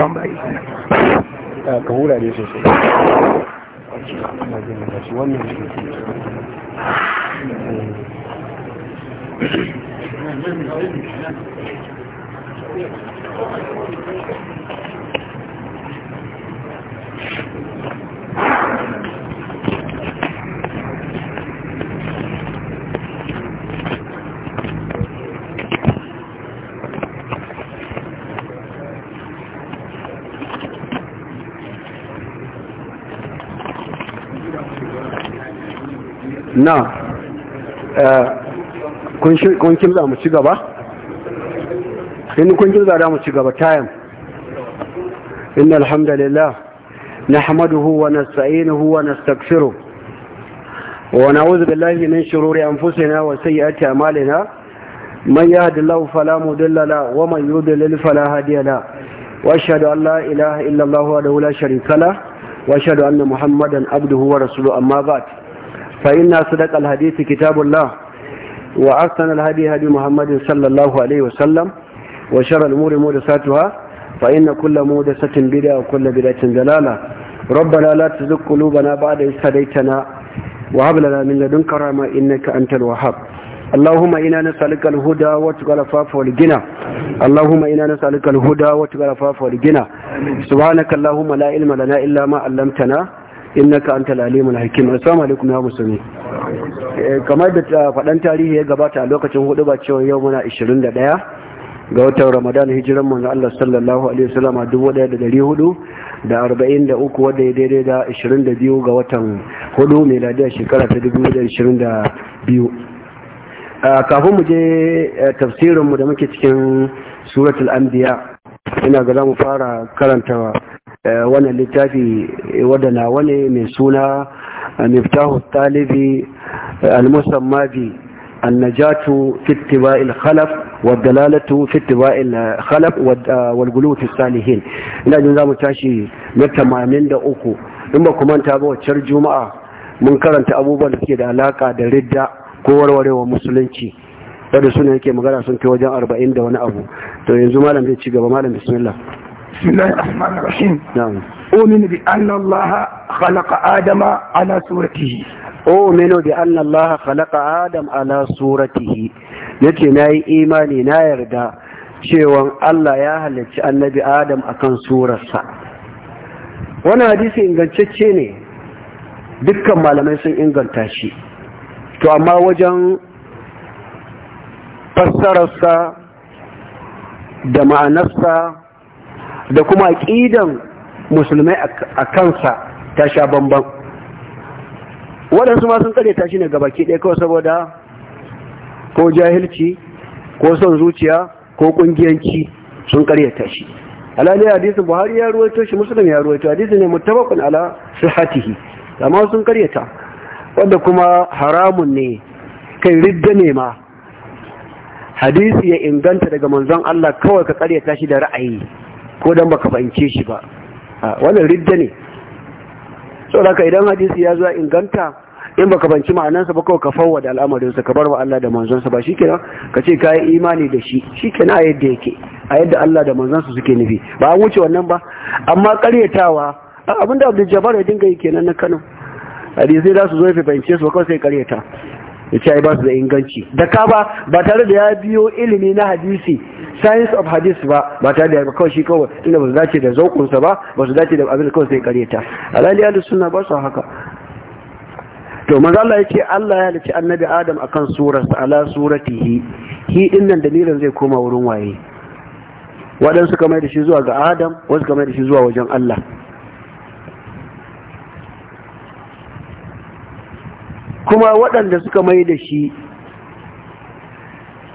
kan ba isi ka hura ne sosai wannan shi na eh, kun kimza mu ci gaba inda kun kimza da mu ci gaba tayan inda alhamdulillah na hamaduhu wani sa'inuhu wani stakfiru wani wuzi da lahinin shiruri an fusina wasu yi ake amalina man yi hadillahu falamu dillala wa man yi dalil falahadiyala washe da allah ilaha illallahu wa da wula sharikala washe da annan muhammadan abduhu wa rasulu amma ba ta فإن أصدق الحديث كتاب الله وأحسن الهدي هدي محمد صلى الله عليه وسلم وشر الأمور محدثاتها فإن كل محدثة بدعة وكل بدعة ضلالة ربنا لا تزغ قلوبنا بعد إذ هديتنا وهب لنا من لدنك رحمة إنك أنت الوهاب اللهم إنا نسألك الهدى واتقى العفاف والغنى اللهم إنا نسألك الهدى واتقى العفاف والغنى سبحانك اللهم لا علم لنا إلا ما علمتنا innaka anta alimul hakim assalamu alaikum ya musulmi eh, kamar da faɗan tarihi ya gabata a lokacin hudu ba cewa yau muna 21 ga watan ramadan hijiran manzo Allah sallallahu alaihi wasallam a 1400 da 43 wanda ya daidai da 22 ga watan hudu miladiya shekara ta 2022 ah, kafin mu je eh, tafsirin mu da muke cikin suratul anbiya ina ga za mu fara karantawa Eh, wannan littafi eh, wadda na wani mai suna eh, miftahu talibi al-musamma bi annajatu fi il khalaf wa dalalatu fi il khalaf wadda fi salihin ina jin zamu tashi na 83 in ba kuma ta ba wacce juma'a mun karanta abubuwan da suke da alaka da ridda ko warwarewa musulunci wadda suna yake magana sun kai wajen arba'in da wani abu to yanzu malam zai ci gaba malam bismillah بسم الله الرحمن الرحيم نعم أؤمن بأن الله خلق آدم على صورته cewan Allah ya halarci annabi Adam akan surarsa wani hadisi ingantacce ne dukkan malamai sun inganta shi to amma wajen fassararsa da ma'anarsa da kuma aƙidan musulmai a kansa ta sha bambam. waɗansu ma sun ta tashi ne gabaki ɗaya kawai saboda ko jahilci ko son zuciya ko ƙungiyanci sun ta shi alali hadisun buhari ya ruwaito shi musulun ya ruwaito hadisun ne mutabakun ala sihatihi amma sun ta. wanda kuma haramun ne kai ridda ne ma hadisi ya inganta daga manzon Allah kawai ka ta shi da ra'ayi ko dan baka fahimce shi ba wannan ridda ne saboda ka idan hadisi ya zuwa inganta in baka banci ma'anansa ba kawai ka fawwa da al'amarinsa ka bar wa Allah da manzonsa ba shikenan ka ce kayi imani da shi shikenan a yadda yake a yadda Allah da manzonsa suke nufi ba an wuce wannan ba amma karyatawa abinda Abdul Jabbar ya dinga yi kenan na Kano hadisi za su zo ya fahimce su kawai sai karyata ya ce ai ba su da inganci da ka ba ba tare da ya biyo ilimi na hadisi science of hadith ba ba tare da ya kawai shi kawai inda ba su dace da zaukunsa ba ba su dace da abin da kawai sai kareta alali ahlus sunna ba su haka to manzo Allah yace Allah ya halicci annabi Adam akan surarsa ala suratihi hi din nan dalilin zai koma wurin waye waɗansu kamar da shi zuwa ga Adam wasu kamar da shi zuwa wajen Allah kuma waɗanda suka mai da shi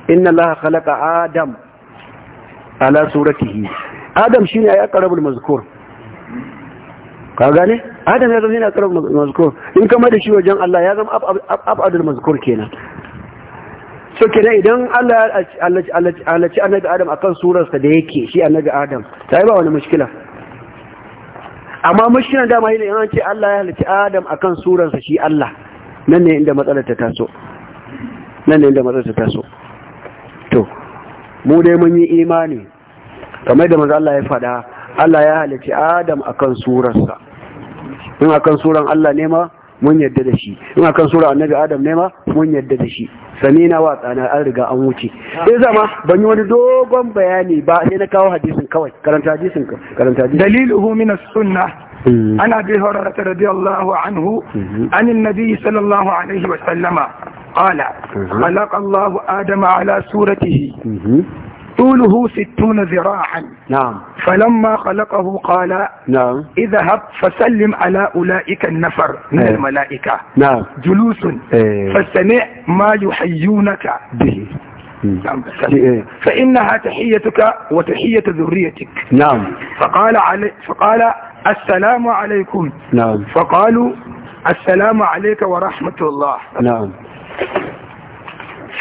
inna Allah khalaqa Adam ala suratihi Adam shine ya karabul mazkur ka gane Adam ya zama karabul mazkur in kama da shi wajen Allah ya zama abadul mazkur kenan so kenan idan Allah Allah ci annabi Adam akan sa da yake shi annabi Adam sai ba wani mushkila amma mushkilan dama yana an ce Allah ya halitta Adam akan sa shi Allah nan ne inda matsalar ta taso nan ne inda matsalar ta taso to mu dai mun yi imani kamar da manzo Allah ya faɗa Allah ya halicci Adam akan surarsa in akan suran Allah ne ma mun yadda da shi in akan suran Annabi Adam ne ma mun yadda da shi samina wa tsana an riga an wuce sai zama ban yi wani dogon bayani ba sai na kawo hadisin kawai karanta hadisin karanta hadisin hu min as-sunnah عن أبي هريرة رضي الله عنه عن النبي صلى الله عليه وسلم قال خلق الله آدم على صورته طوله ستون ذراعا نعم فلما خلقه قال نعم اذهب فسلم على أولئك النفر من ايه الملائكة نعم جلوس ايه فاستمع ما يحيونك به إيه. نعم، إيه. فإنها تحيتك وتحية ذريتك نعم فقال, علي فقال السلام عليكم نعم فقالوا السلام عليك ورحمة الله نعم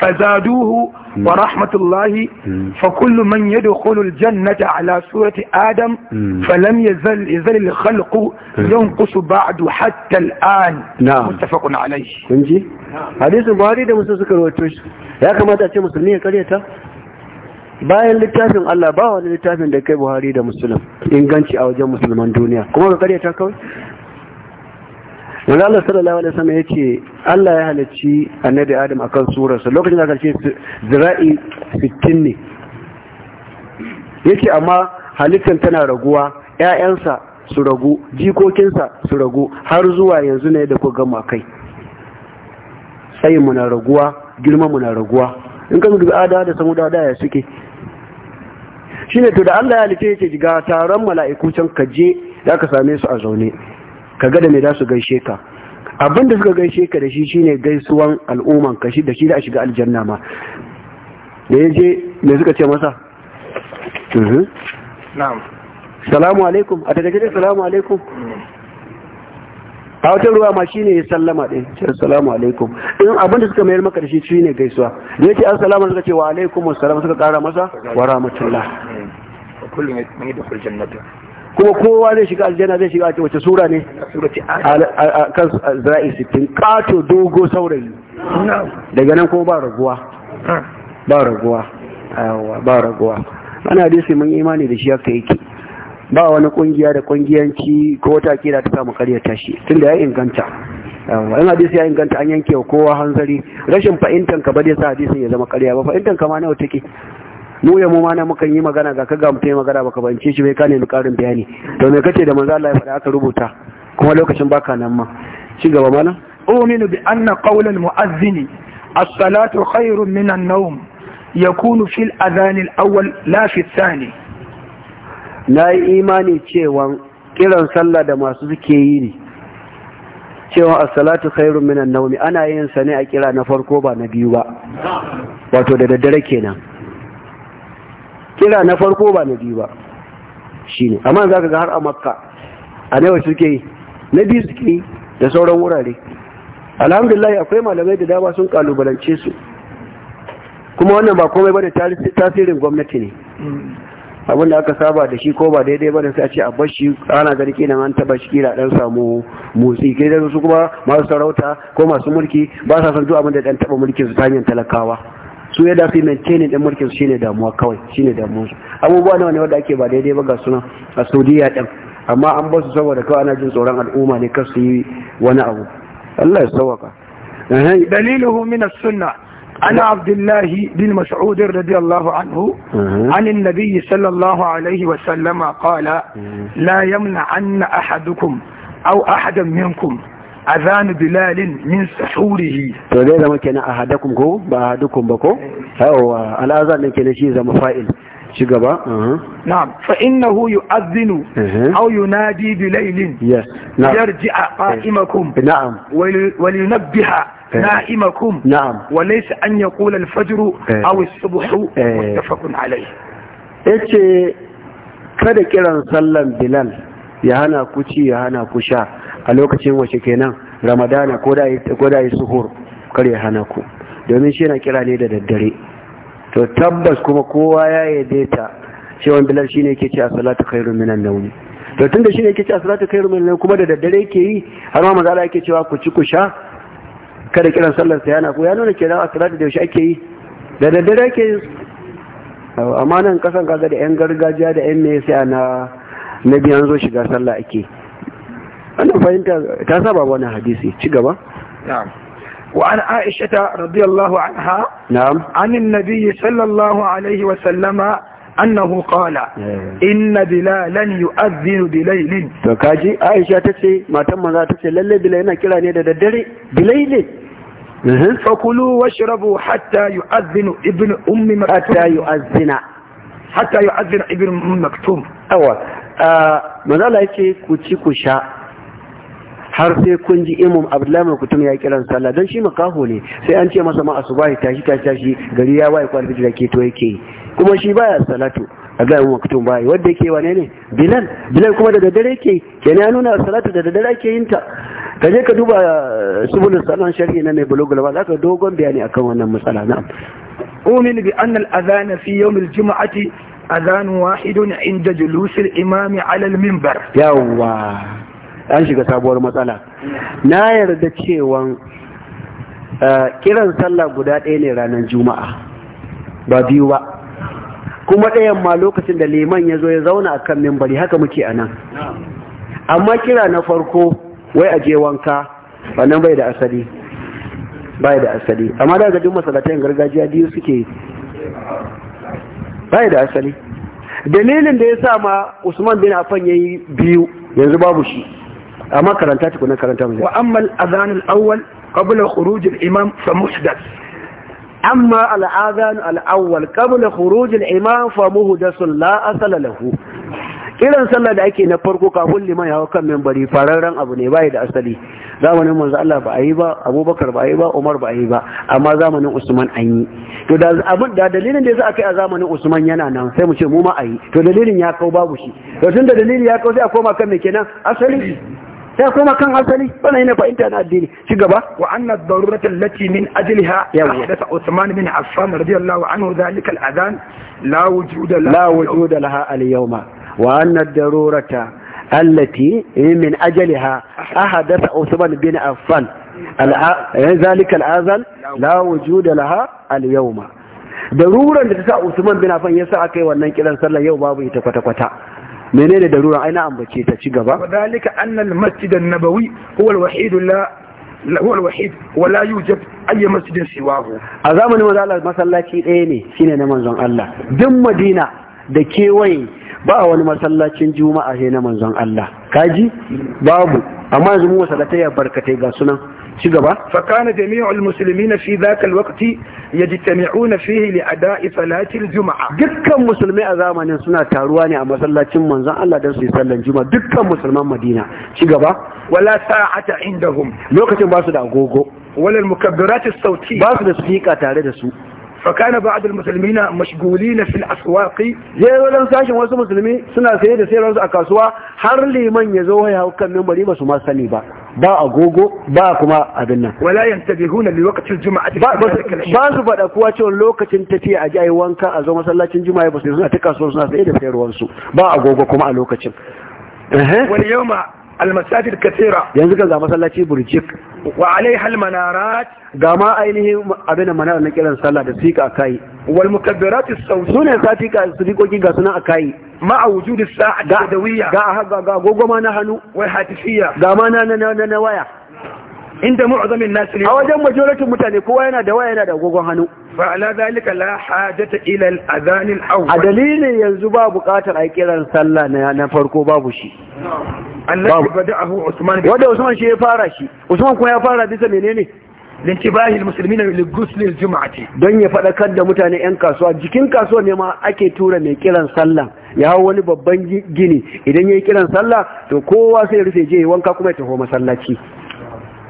فزادوه مم. ورحمة الله مم. فكل من يدخل الجنة على سورة آدم مم. فلم يزل, يزل الخلق ينقص بعد حتى الآن نعم. متفق عليه نعم حديث البخاري ده مسلم سكر وتوش يا كما تأتي مسلمين قريتا bayan littafin Allah ba wani littafin da kai Buhari da Musulun inganci a wajen musulman duniya kuma ka karyata kawai Yanzu Allah sallallahu alaihi wasallam yace Allah ya halicci Annabi Adam akan surarsa lokacin da karshe zira'i fitin ne yace amma halittar tana raguwa ƴaƴansa su ragu jikokinsa su ragu har zuwa yanzu ne da ku gama kai Tsayinmu mu na raguwa girman mu na raguwa in ka zubi ada da samu da ya suke shine to da Allah ya halice yake ga taron mala'iku can ka je da ka same su a zaune ka ga da me za su gaishe ka abin da suka gaishe ka da shi shine gaisuwan al'umman ka shi da shi da a shiga aljanna ma da ya je me suka ce masa mhm. na'am salamu alaikum a daga gidan salamu alaikum a wata ruwa ma shine ya sallama ɗin ce salamu alaikum in abin da suka mayar maka da shi ne gaisuwa da yake assalamu suka ce wa alaikum assalam suka ƙara masa wa ramatullah kullum kuma kowa zai shiga aljanna zai shiga wace sura ne a kan zira'i 60 kato dogo saurayi daga nan ko ba raguwa ba raguwa ba raguwa ana hadisi mun imani da shi haka yake ba wani kungiya da kungiyanci ko wata kira ta samu tashi tun tunda ya inganta in hadisi ya inganta an yanke wa kowa hanzari rashin fahimtanka ba zai sa hadisin ya zama karya ba fahimtanka ma nawa take mu ya mu mana mukan yi magana ga kaga mutum yi magana baka bance shi bai ka nemi karin bayani to me kace da manzo Allah ya faɗa aka rubuta kuma lokacin baka nan ma shi gaba mana أؤمن بأن قول المؤذن الصلاة خير من النوم يكون في الأذان الأول لا في الثاني na yi imani cewa kiran sallah da masu suke yi ne cewa as-salatu khairun an-nawm ana yin sa ne a kira na farko ba na biyu ba wato da daddare kenan kira na farko ba na biyu ba shi ne amma za ka ga har a makka a nawa suke yi na biyu suke yi da sauran wurare alhamdulillah akwai malamai da dama sun kalubalance su kuma wannan ba komai bane tasirin gwamnati ne abinda aka saba da shi ko ba daidai bane sai a ce a bar shi ana gani kenan an taba shi kira dan samu motsi kai da su kuma masu sarauta ko masu mulki ba sa son duk abin da dan taba mulkin su ta hanyar talakawa su ya dafi maintain din mulkin su shine damuwa kawai shine damuwa abubuwa nawa ne wanda ake ba daidai ba ga suna a Saudiya din amma an ba su saboda kawai ana jin tsoron al'umma ne kar su yi wani abu Allah ya sauka daliluhu min as-sunnah عن عبد الله بن مسعود رضي الله عنه عن النبي صلى الله عليه وسلم قال لا يمنعن أحدكم أو أحدا منكم azanu bilalin min sahurihi to zai zama kenan ahadakum ko ba ahadukum ba ko yawa al'azan ne kenan shi zama fa'il ci gaba na'am fa innahu yu'adhdhinu aw yunadi bilailin yes yarji'a qa'imakum eh. na'am wa yunabbiha eh. na'imakum na'am wa laysa an yaqula al-fajr eh. aw as-subh muttafaqun yace kada kiran sallan bilal Yahana ku ci ya hana ku sha a lokacin wace kenan ramadana ko da yi suhur kar ya hana ku domin shi yana kira ne da daddare to tabbas kuma kowa ya yadda cewa bilal shine yake ce a salatu khairun minan nawm to tunda shine yake ce a salatu kai minan nawm kuma da daddare yake yi har ma mazala yake cewa ku ci ku sha kada kiran sallar sa yana ku ya nuna kenan a salatu da yaushe ake yi da daddare ake yi amma nan kasan kaga da yan gargajiya da yan me sai ana nabi an zo shiga sallah ake Ana fahimtar ta saba wani hadisi ci gaba? Na'am. Aisha radiyallahu anha. Na'am. sallallahu alaihi wa sallama annahu qala eh. inna bilalan yu'adhdhu bilailin. To kaji Aisha tace matan manza tace lalle bilal yana kira ne da daddare bilailin. فكلوا واشربوا حتى يؤذن ابن ام مكتوم حتى يؤذن حتى يؤذن ابن ام مكتوم اول ما زال يكي كوتشي كوشا har sai kun ji imam abdullahi mai kutum ya kiran sallah don shi makaho ne sai an ce masa ma asubahi tashi tashi tashi gari ya waye kwalfi da ke to yake kuma shi baya salatu a ga imam kutum baya wanda yake wane ne bilal bilal kuma da daddare yake kenan ya nuna salatu da daddare ake yin ta ka je ka duba eh, subulun sanan shari'i na mai bulugul ba ka dogon bayani akan wannan matsala na umin bi anna al fi yawm al-jum'ati adhan inda julus al alal mimbar. Yawwa! an shiga sabuwar matsala na yarda cewa eh, kiran sallah guda ɗaya ne ranar juma'a ba biyu ba kuma ɗaya ma lokacin da liman ya zo ya zauna a kan mimbari haka muke a nan amma kira na farko wai a je wanka wannan bai da asali bai da asali amma daga duk masalatayin gargajiya biyu suke bai da asali dalilin da ya sa ma usman bin affan ya biyu yanzu babu shi amma karanta ci kuna karanta mu wa amma al-adhan al-awwal qabla khuruj al-imam fa muhdath amma al-adhan al-awwal qabla khuruj al-imam fa muhdath la asala lahu kiran sallah da ake na farko kafin liman ya hau kan membari fararren abu ne bai da asali zamanin manzo Allah ba a yi ba Abubakar ba a yi ba Umar ba a yi ba amma zamanin Usman an yi to da abin da dalilin da yasa aka yi a zamanin Usman yana nan sai mu ce mu ma a to dalilin ya kawo babu shi to tun da dalili ya kawo sai a koma kan me kenan asali sai kuma kan asali wannan yana fahimta na addini ci gaba wa anna ad-darurata allati min ajliha ahdatha Uthman bin Affan radiyallahu anhu dhalika al-adhan la wujuda la wujuda laha al-yawma wa anna darurata allati min ajliha ahdatha Uthman bin Affan ذلك الأذن لا وجود لها اليوم daruran da ta sa Usman bin Affan ya sa aka yi wannan kiran sallar yau babu ita kwata-kwata menene darura aina na ambace ta ci gaba wadalika anna al-masjid an-nabawi huwa al-wahid la huwa al-wahid wa la yujad ay siwahu a zamanin manzo masallaci ɗaya ne shine na manzon Allah duk Madina da kewaye ba wani masallacin juma'a he na manzon Allah kaji babu amma yanzu mu masallatai barkatai ga sunan ci gaba fakana jami'ul muslimin fi dhaka alwaqti yajtami'un fihi a ada'i salati aljuma'a dukkan musulmai a zamanin suna taruwa ne a masallacin manzon Allah dan su yi sallan juma'a dukkan musulman Madina ci gaba wala sa'ata indahum lokacin ba su da agogo wala almukabbirat as-sawti ba su da sika tare da su fakana ba'd almuslimina mashghulina fil aswaq ya wannan sashin wasu musulmi suna saye da sayarwa a kasuwa har liman ya zo ya haukan minbari ba su ma sani ba ba agogo ba kuma abin nan wala yantabihuna li waqtil juma'ati ba su faɗa kuwa cewa lokacin tafiya a ji ayi wanka a zo masallacin juma'a ba su suna ta kasuwa suna saye da sayarwar su ba agogo kuma a lokacin wal yawma almasajid kathira yanzu kan ga masallaci burjik wa hal almanarat ga ma ainihin abin manar na kiran sallah da sika ka'i. wal mukabbirat as-sawt sunan satika sirikoki ga sunan akai ma wujud as-sa'a da dawiya ga ga goma na hannu Wai hatifiyya ga ma na na waya inda mu'azamin nasu a wajen majoratin mutane kowa yana da waya yana da agogon hannu fa ala zalika la hajata ila al-adhan al-awwal a dalilin yanzu ba buƙatar ai kiran sallah na na farko babu shi Allah bada'ahu Usman wanda Usman shi ya fara shi Usman kuma ya fara bisa menene lintibahi almuslimin aljum'ati don ya fadakar da mutane yan kasuwa jikin kasuwa ne ma ake tura mai kiran sallah ya hawo wani babban gini idan yayi kiran sallah to kowa sai rufe je wanka kuma ya taho masallaci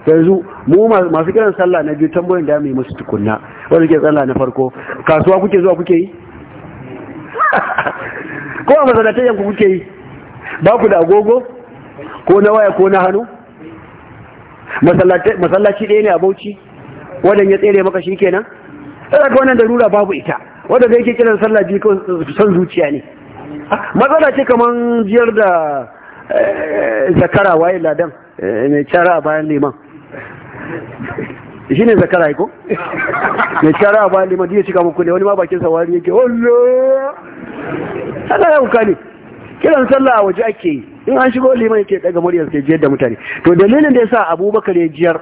yanzu mu masu kiran sallah na biyu tambayoyin da masu tukuna musu tukunna wanda ke sallah na farko kasuwa kuke zuwa kuke yi ko a masanatayyan ku kuke yi ba ku da agogo ko na waya ko na hannu masallaci ɗaya ne a bauchi wadan ya tsere maka shi kenan sai ka wannan darura babu ita wadda zai ke kiran sallah biyu ko son zuciya ne matsala ce kaman jiyar da eh, zakara waye ladan eh, mai cara a bayan liman shi ne zakara ya ko? mai shara a bayan limadi ya cika muku ne wani ma bakin sawari yake wallo ana ya kuka ne kiran sallah a waje ake yi in an shigo liman yake daga muryar ke jiyar da mutane to dalilin da ya sa abubakar ya jiyar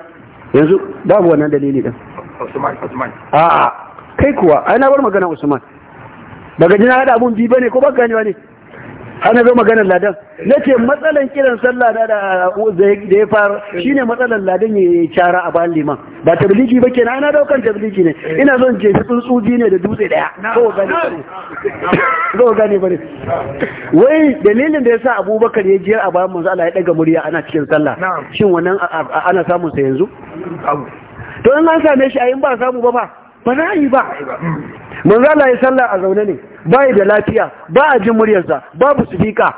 yanzu babu wannan dalili din a'a kai kuwa ai na bar magana usman daga jina hada abun bi bane ko ba ba ne hana zo maganar ladan na ce matsalan kiran sallah da da ya fara shine matsalan ladan ya yi cara a bayan liman ba tabliki ba ke na, ana daukan tabliki ne eh. ina son ce shi ne da dutse daya gani gane ko gani bane wai dalilin da ya sa Abubakar ya jiyar a bayan manzo Allah ya daga murya ana cikin sallah shin wannan ana samun sa yanzu to in an same shi a yin ba samu ba ba ba na yi ba manzo Allah ya sallah a zaune ne bai da lafiya ba a jin muryarsa babu sufika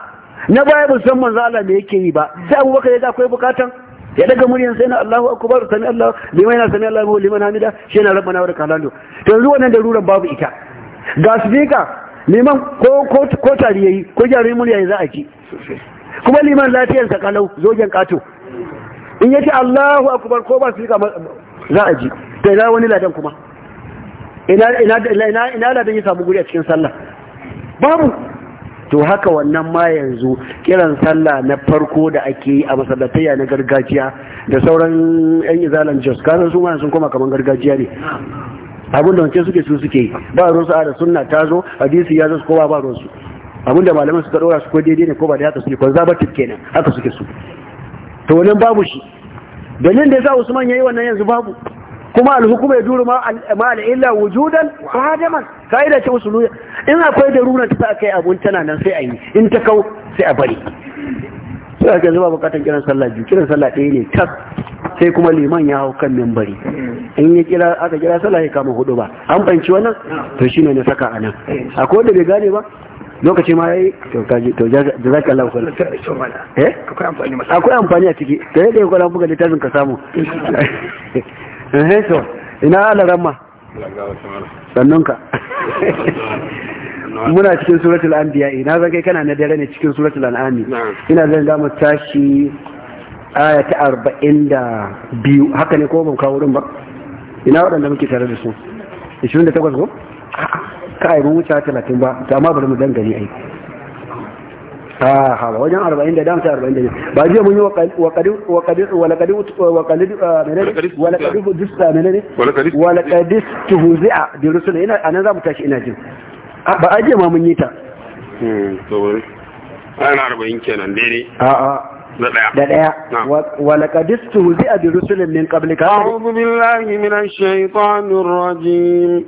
na baya ban san manzo Allah me yake yi ba sai Bakar ya ga akwai bukatan ya daga muryar sai na Allahu akbar sami Allah liman yana sami Allahu liman hamida shi yana rabbana wa lakal hamdu to yanzu wannan darurar babu ita ga sufika liman ko ko ko tari yayi ko jarin murya za a ji kuma liman lafiyarsa kalau zogen kato in yace Allahu akbar ko ba sufika za a ji sai na wani ladan kuma ina da yi samu guri a cikin sallah babu to haka wannan ma yanzu kiran sallah na farko da ake yi a masallatayya na gargajiya da sauran yan izalan jos kasan su sun koma kamar gargajiya ne abinda wancan suke su suke yi ba ruwan sa'a da sunna ta zo hadisi ya zo su kowa ba ruwan su abinda malaman suka karora su ko daidai ne ko ba da haka suke konservative kenan haka suke su to wannan babu shi dalilin da sa Usman yi wannan yanzu babu kuma alhukuma ya duru ma al'illa wujudan hadaman da ce usuluya in akwai da runa ta kai abun tana nan sai a yi in ta kau sai a bari sai aka zuba bukatan kiran sallah ji kiran sallah ɗaya ne tas sai kuma liman ya hau kan membari in ya kira aka kira sallah ya kama hudu ba an banci wannan to shine na saka a nan akwai wanda bai gane ba lokaci ma yayi to kaji to da zaka Allah ku eh akwai amfani a ciki da yadda ya kula buga littafin ka samu eheso eh, ina alarama sannan ka muna cikin suratul anbiya ina zan kai kana na dare ne cikin suratul an'ami ina zan ga mu tashi aya ta arba'in da biyu haka ne ko ban kawo wurin ba ina waɗanda muke tare da su ishirin da takwas ko? ka aibin wuce talatin ba ta ma bari mu dangane aiki هذا وجن 40 درهم 40 درهم باجي من وقد وقد وقد ولقد وقد ولقد دست من ني ولقد دست فزع برسول انا انا زعما تاشي ان اجي آه، باجي ما آه، آه. نعم. من يتا ولقد دست فزع من قبلك اعوذ بالله من الشيطان الرجيم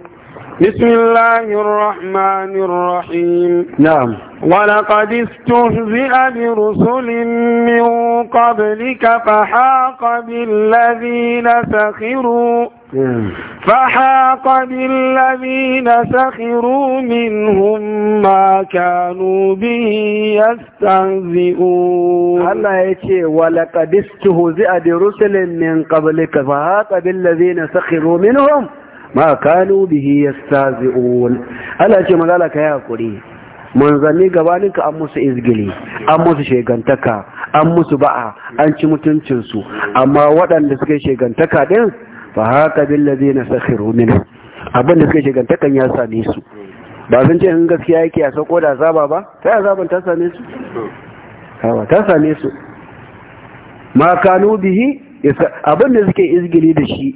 بسم الله الرحمن الرحيم نعم ولقد استهزئ برسل من قبلك فحاق بالذين سخروا نعم. فحاق بالذين سخروا منهم ما كانوا به يستهزئون الله يتي ولقد استهزئ برسل من قبلك فحاق بالذين سخروا منهم ma kanu bihi yastazi'un Allah ce manzala ka Mun zami gabanin ka an musu izgili an musu shegantaka an musu ba'a an ci mutuncinsu amma waɗanda suke shegantaka din fa haka bil na sakhiru min abin da suke shegantakan ya same su ba sun ce in gaskiya yake a sako da azaba ba sai azaban ta same su hawa ta same su ma kanu bihi abin da suke izgili da shi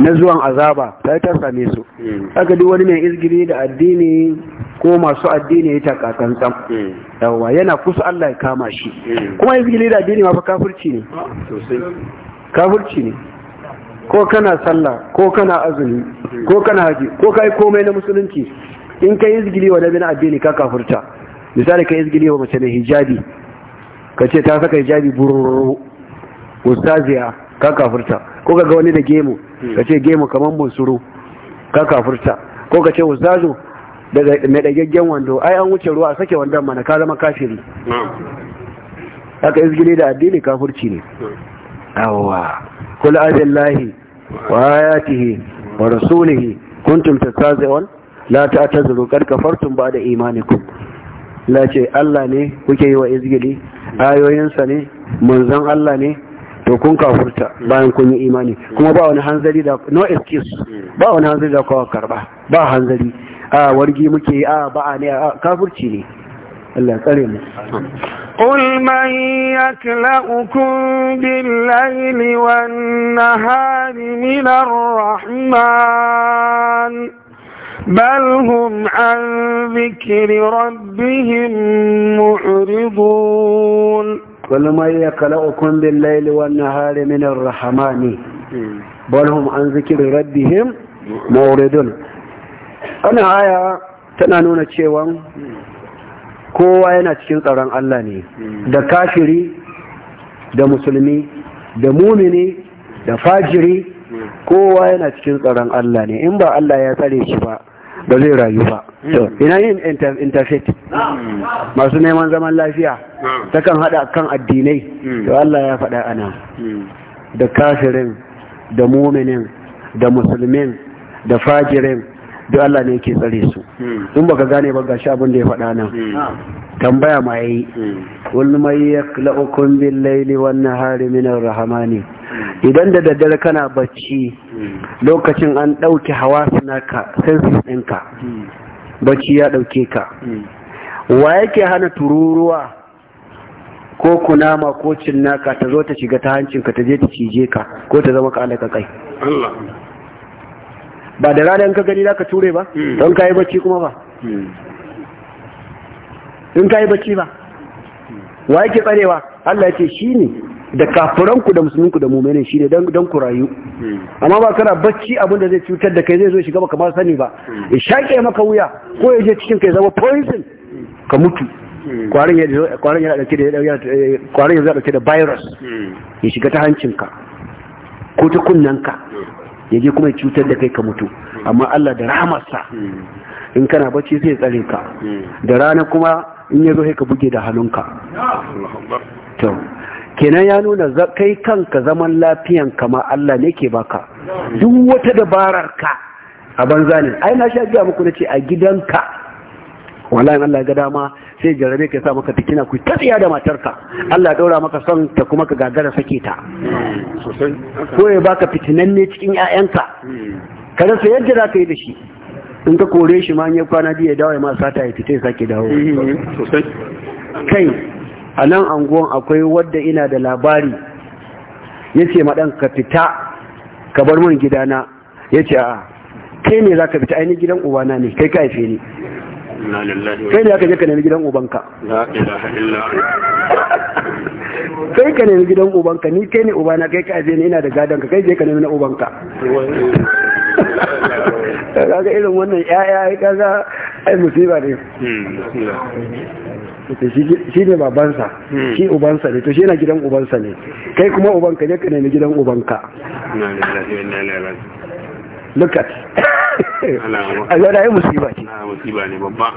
na zuwan azaba ta ta same su hmm. aka duk wani mai izgiri da addini ko masu addini ya takatsantsan hmm. yawa yana kusa Allah ya kama shi hmm. kuma izgiri da addini ma fa kafirci ne kafirci ne ko kana sallah ko kana azumi ko kana haji ko kai komai na musulunci in kai izgiri wa na addini ka kafirta misali kai izgiri wa mace mai hijabi ka ce ta saka hijabi bururu ustaziya ka kafirta ko ka ga wani da gemu ka ce gemu kamar bunsuru ka kafirta ko ka ce ustazu daga mai dagaggen wando ai an wuce ruwa a sake wandon mana ka zama kafiri haka izgili da addini kafirci ne awwa kul abillahi wa ayatihi wa rasulihi kuntum tattazi'un la ta'tazuru qad kafartum ba'da imanikum la ce Allah ne kuke yi wa izgili ayoyinsa ne manzon Allah ne to kun kafurta bayan kun yi imani kuma ba wani hanzari da no excuse ba wani hanzari da kowa karba ba hanzari a wargi muke a ba a ne a kafurci ne Allah tsare mu قل من يكلأكم بالليل والنهار من الرحمن بل هم عن ذكر ربهم معرضون ولمن يخلقكم بالليل والنهار من الرحمن بل هم عن ذكر ربهم موردون أنا آية تنانون تشيوان kowa yana cikin tsaron Allah ne da kafiri da musulmi da mumini da fajiri kowa yana cikin tsaron Allah ne in ba Allah ya tsare shi ba ba zai rayu ba ina yin interfaith masu neman zaman lafiya takan haɗa kan addinai da hmm. Allah ya faɗa ana hmm. da kafirin da muminin da musulmin da fajirin da Allah ne ke tsare su hmm. in baka gane ba gashi abin da ya faɗa nan tambaya ma yayi wal may la'ukun bil layli wannan nahari rahama ne. idan da daddare kana bacci lokacin an dauki sinaka senses ɗinka bacci ya ɗauke ka wa yake hana tururuwa ko kunama ko cinnaka ta zo ta shiga ta hancinka ta je ta cije ka ko ta zama ka alaka kai ba da rana in ka gani za ka ture ba hmm. don ka yi bacci kuma ba hmm. in ka yi bacci ba hmm. wa yake tsarewa Allah ya ce shi ne da kafiranku da musulminku da mumenin shi ne don ku rayu hmm. amma ba kana bacci abin da zai cutar da kai zai zo shiga baka kamar sani ba hmm. ya shaƙe maka wuya ko ya je cikin kai zama poison ka mutu hmm. kwarin ya eh, dauke da virus ya shiga ta hancinka ko ta kunnanka ya je kuma ya cutar da kai ka mutu amma Allah da rahamarsa in kana bacci zai tsare ka da rana kuma in ya zo ka buge da hannunka kenan ya nuna kai kanka zaman lafiyan kama Allah ne ke baka duk wata dabarar ka a banza ne ai na sha biya muku nace a gidanka wallahi Allah ga dama sai jarabe ka sa maka tikina ku ta tsiya da matarka Allah daura maka son ta kuma ka gagara sake ta ko ya baka fitinan ne cikin 'ya'yanka ka rasa yadda za ka yi da shi in ka kore shi ma ya kwana biyu ya dawo ya ma sata ya fita ya sake dawo mm-hmm. kai a nan anguwan akwai wadda ina da labari ya ce maɗan ka fita ka bar min gidana ya ce a kai ne za ka fita ainihin gidan ubana ne kai ka haife ni kai ne ka je ka nemi gidan ubanka kai ka nemi gidan ubanka ni kai ne ubana kai ka haife ni ina da gadonka kai je ka nemi na ubanka kaga irin wannan yaya kaga ai musiba ne hmm, shi ne babansa hmm. shi ubansa ne to shi yana gidan ubansa ne kai kuma ubanka ne ka nemi gidan ubanka look at a zara yi musiba ce ne babba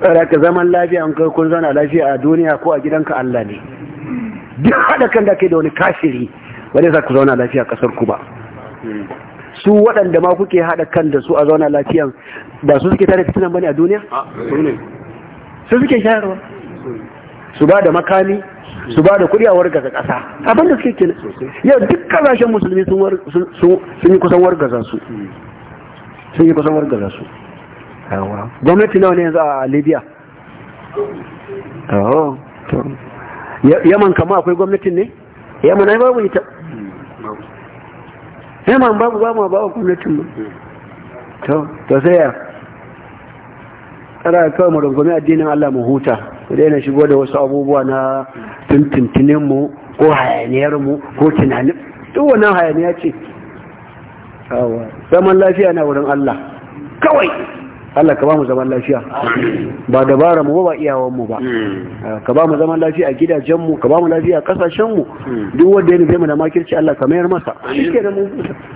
tsara ka zaman lafiya an kai kun zana lafiya a duniya ko a gidanka Allah ne duk haɗa kan da ke da wani kashiri wani za ku zauna lafiya ƙasar ku ba hmm. su waɗanda ma kuke haɗa kan da su a zauna lafiyan ba su suke tare fitinan bane a duniya su suke shayarwa su ba da makami su ba da kuɗi a wargaza ƙasa abin da suke kenan yau duk kasashen musulmi sun yi kusan wargaza su hmm. sun yi kusan wargaza su gwamnati nawa ne yanzu a libya yaman kama akwai gwamnatin ne yaman ai babu ita sai ma babu ba ma ba wa gwamnatin mu to to sai ya tsara kawai mu addinin Allah mu huta ku daina shigo da wasu abubuwa na tuntuntunin mu ko hayaniyar ko tunanin duk wannan hayaniya ce zaman lafiya na wurin Allah kawai Allah ka ba mu zaman lafiya ba dabara mu ba iyawan mu ba hmm. ka ba mu zaman lafiya a gidajen mu ka ba mu lafiya a kasashen mu hmm. duk wanda ya nufe mu da makirci Allah ka mayar masa shike da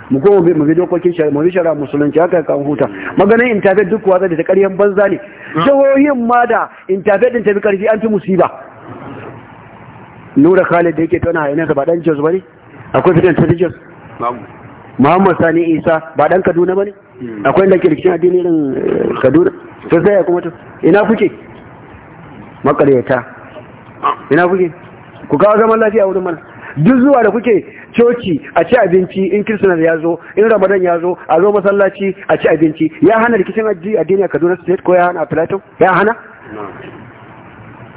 mu ko mu bi dokokin shari'a mu bi shari'a musulunci haka kan huta maganin intafet duk wata da ta ƙaryan banza ne hmm. jihohin ma da intafet din ta bi ƙarfi an fi musiba nura khalid da yake tona a yanarsa ba dan jos ne? akwai fitan ta jos Muhammad Sani Isa ba dan Kaduna bane hmm. akwai inda kirkin addini irin eh, Kaduna to sai ya kuma to ina kuke makaryata ina kuke ku kawo zaman lafiya wurin mana duk zuwa da kuke coci a ci abinci in kirsinar ya zo in ramadan ya zo a zo masallaci a ci abinci ya hana rikicin addini a kaduna state ko ya hana a plateau ya hana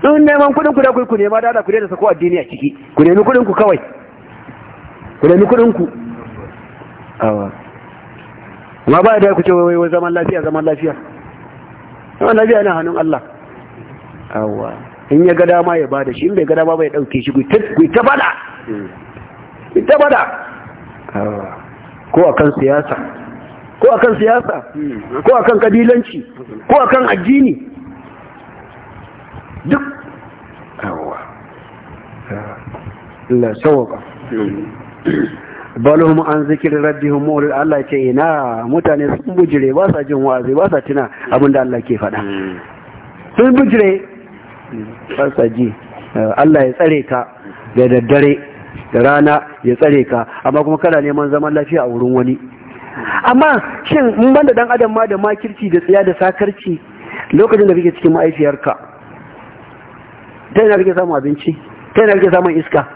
in neman kudin ku da ku nema da ku da sako addini a ciki ku nemi kudin ku kawai ku nemi kudin ku ma ba da ku ce wai wai zaman lafiya zaman lafiya zaman lafiya na hannun Allah awa in ya ga dama ya bada shi in bai gada ma bai dauke shi ku ta bada ku ta bada ko akan siyasa ko akan siyasa ko akan kabilanci ko akan addini duk awa Allah sawaka balhum an zikirin rabbihum murid Allah ce ina mutane sun bujire ba sa jin wa'azi ba sa tuna abin da Allah ke faɗa sun bujire ba sa ji Allah ya tsare ka da daddare da rana ya tsare ka amma kuma kana neman zaman lafiya a wurin wani amma shin mun banda dan adam ma da makirci da tsiya da sakarci lokacin da kake cikin ma'aifiyarka ta yana kake samun abinci ta yana kake samun iska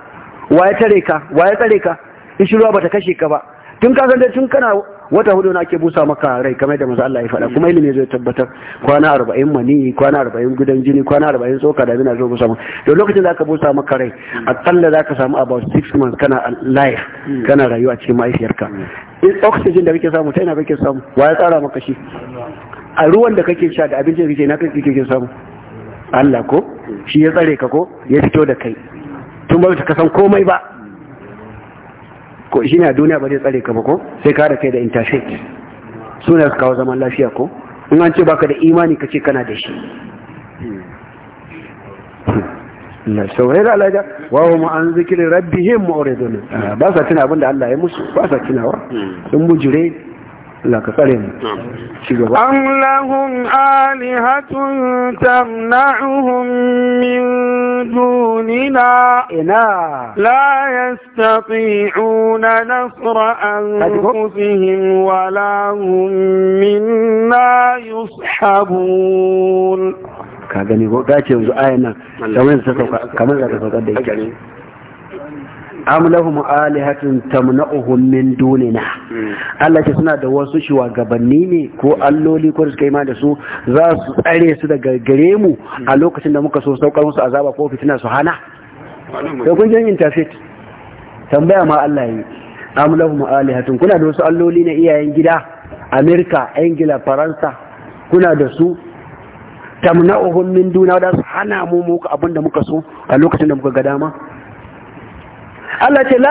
wa ya tare ka wa ya tsare ka ba bata kashe ka ba tun ka san tun kana wata hudu na ake busa maka rai kamar da manzo Allah ya faɗa kuma ilimi zai tabbatar kwana 40 mani kwana 40 gudan jini kwana 40 tsoka da bina zo busa maka to lokacin da aka busa maka rai a za zaka samu about 6 months kana life kana rayuwa cikin mahaifiyarka in oxygen da kake samu ta ina kake samu wa ya tsara maka shi a ruwan da kake sha da abincin da kake na kake kake samu Allah ko shi ya tsare ka ko ya fito da kai tun ba ka san komai ba ko shi na duniya ba zai tsare ka ba ko sai ka kai da su suna su kawo zaman lafiya ko in an ce baka da imani ka ce kana da shi Na saurai da alaja wawo mu an zikirin rabbihim ma'uridun ah, ba sa tuna abinda Allah ya musu ba sa tunawa sun bujure Allah ka tsare mu ci gaba am lahum alihatun tamna'uhum min dunina ina la yastati'una nasra anfusihim wa ka gani ko gace yanzu ayan nan kamar da ta sauka kamar da ta sauka am lahum alihatun tamna'uhum min dunina hmm. Allah ce suna da wasu shugabanni ne ko alloli ko suka yi da su za su tsare su daga gare mu a hmm. lokacin da muka so saukar musu azaba ko fitina su hana sai kun jin interfet tambaya ma Allah yi am lahum alihatun kuna da wasu alloli na iyayen gida Amerika Ingila Faransa kuna da su tamna'uhum min duna da su hana mu muka abinda muka so a lokacin da muka ga dama Allah ce la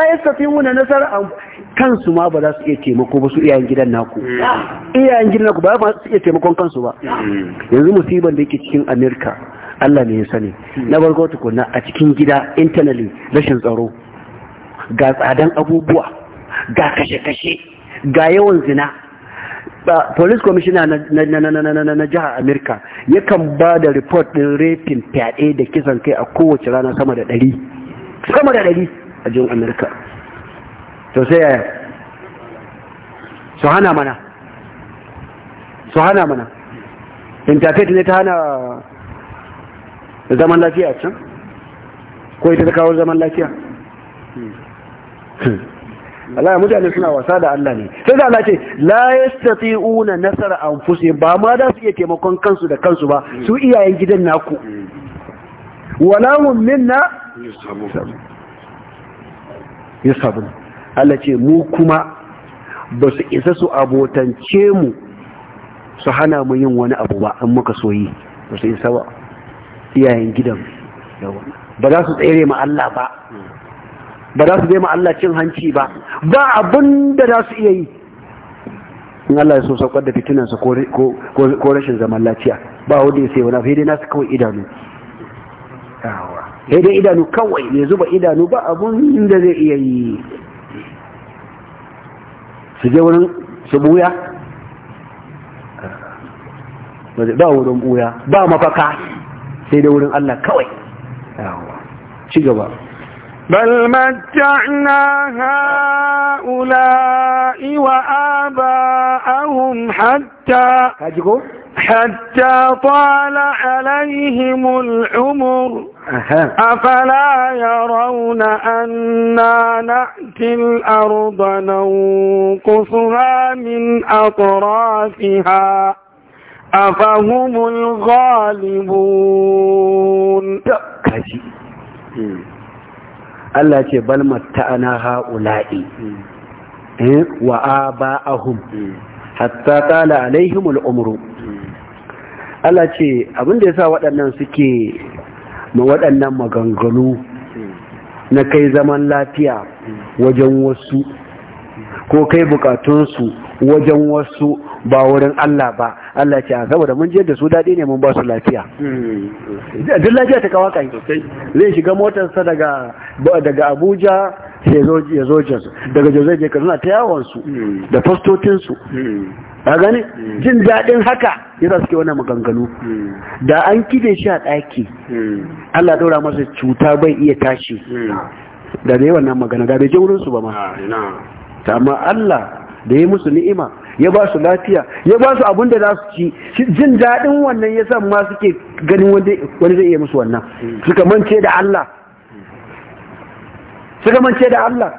nasar nasara kansu ma ba za su iya taimako ba su iyayen gidan naku iyayen gidan naku ba za su iya taimakon kansu ba yanzu musibar da yake cikin Amerika Allah ne ya sani na farko tukuna a cikin gida internally rashin tsaro ga tsadan abubuwa ga kashe-kashe ga yawan zina police commissioner na jihar amerika yakan ba da report din rapin fyaɗe da kisan kai a kowace rana sama da ɗari sama da ɗari a jin amurka to sai yaya su hana mana su hana mana intafet ne ta hana zaman lafiya can ko ita ta kawo zaman lafiya Allah mutane suna wasa da Allah ne sai da Allah ce la una nasara anfusihim ba ma da su iya taimakon kansu da kansu ba su iyayen gidan naku wala hum minna yusabun Allah ce mu kuma ba su isa su abotance mu su hana mu yin wani abu ba an muka soyi ba su isa ba iyayen gidan ba za su tsere ma Allah ba ba za su zai ma Allah cin hanci ba ba abin da za su iya yi in Allah ya so saukar da fitinansa ko rashin zaman lafiya ba wanda ya sai wani fi dai nasu kawai idanu sai dai idanu kawai mai zuba idanu ba abun da zai iya yi su je wurin su buya ba wurin buya ba mafaka sai dai wurin Allah kawai ci gaba بل متعنا هؤلاء وآباءهم حتى حتى طال عليهم العمر أفلا يرون أنا نأتي الأرض ننقصها من أطرافها أفهم الغالبون Allah ce bal matta'ana هؤلاء wa إيه؟ حتى طال عليهم العمر Allah ce abinda ya sa waɗannan suke ma waɗannan maganganu na kai zaman lafiya wajen wasu ko kai bukatunsu wajen wasu ba wurin Allah ba Allah ce a saboda mun je da su daɗi ne mun ba su lafiya duk lafiya ta kawaka zai shiga motarsa daga Abuja ya zo jesu, daga jesu zai je ta yawon su hmm. da fastotinsu hmm. ka gane hmm. jin daɗin haka yasa suke wannan maganganu hmm. da an kife shi a ɗaki hmm. Allah ɗora masa cuta bai iya tashi da bai wannan magana da bai je wurin su ba ma ah, ta amma Allah da ya musu ni'ima ya ba su lafiya ya ba su abin da za su ci jin daɗin wannan ya san ma suke ganin wani zai iya musu wannan suka mance da Allah suka mance da Allah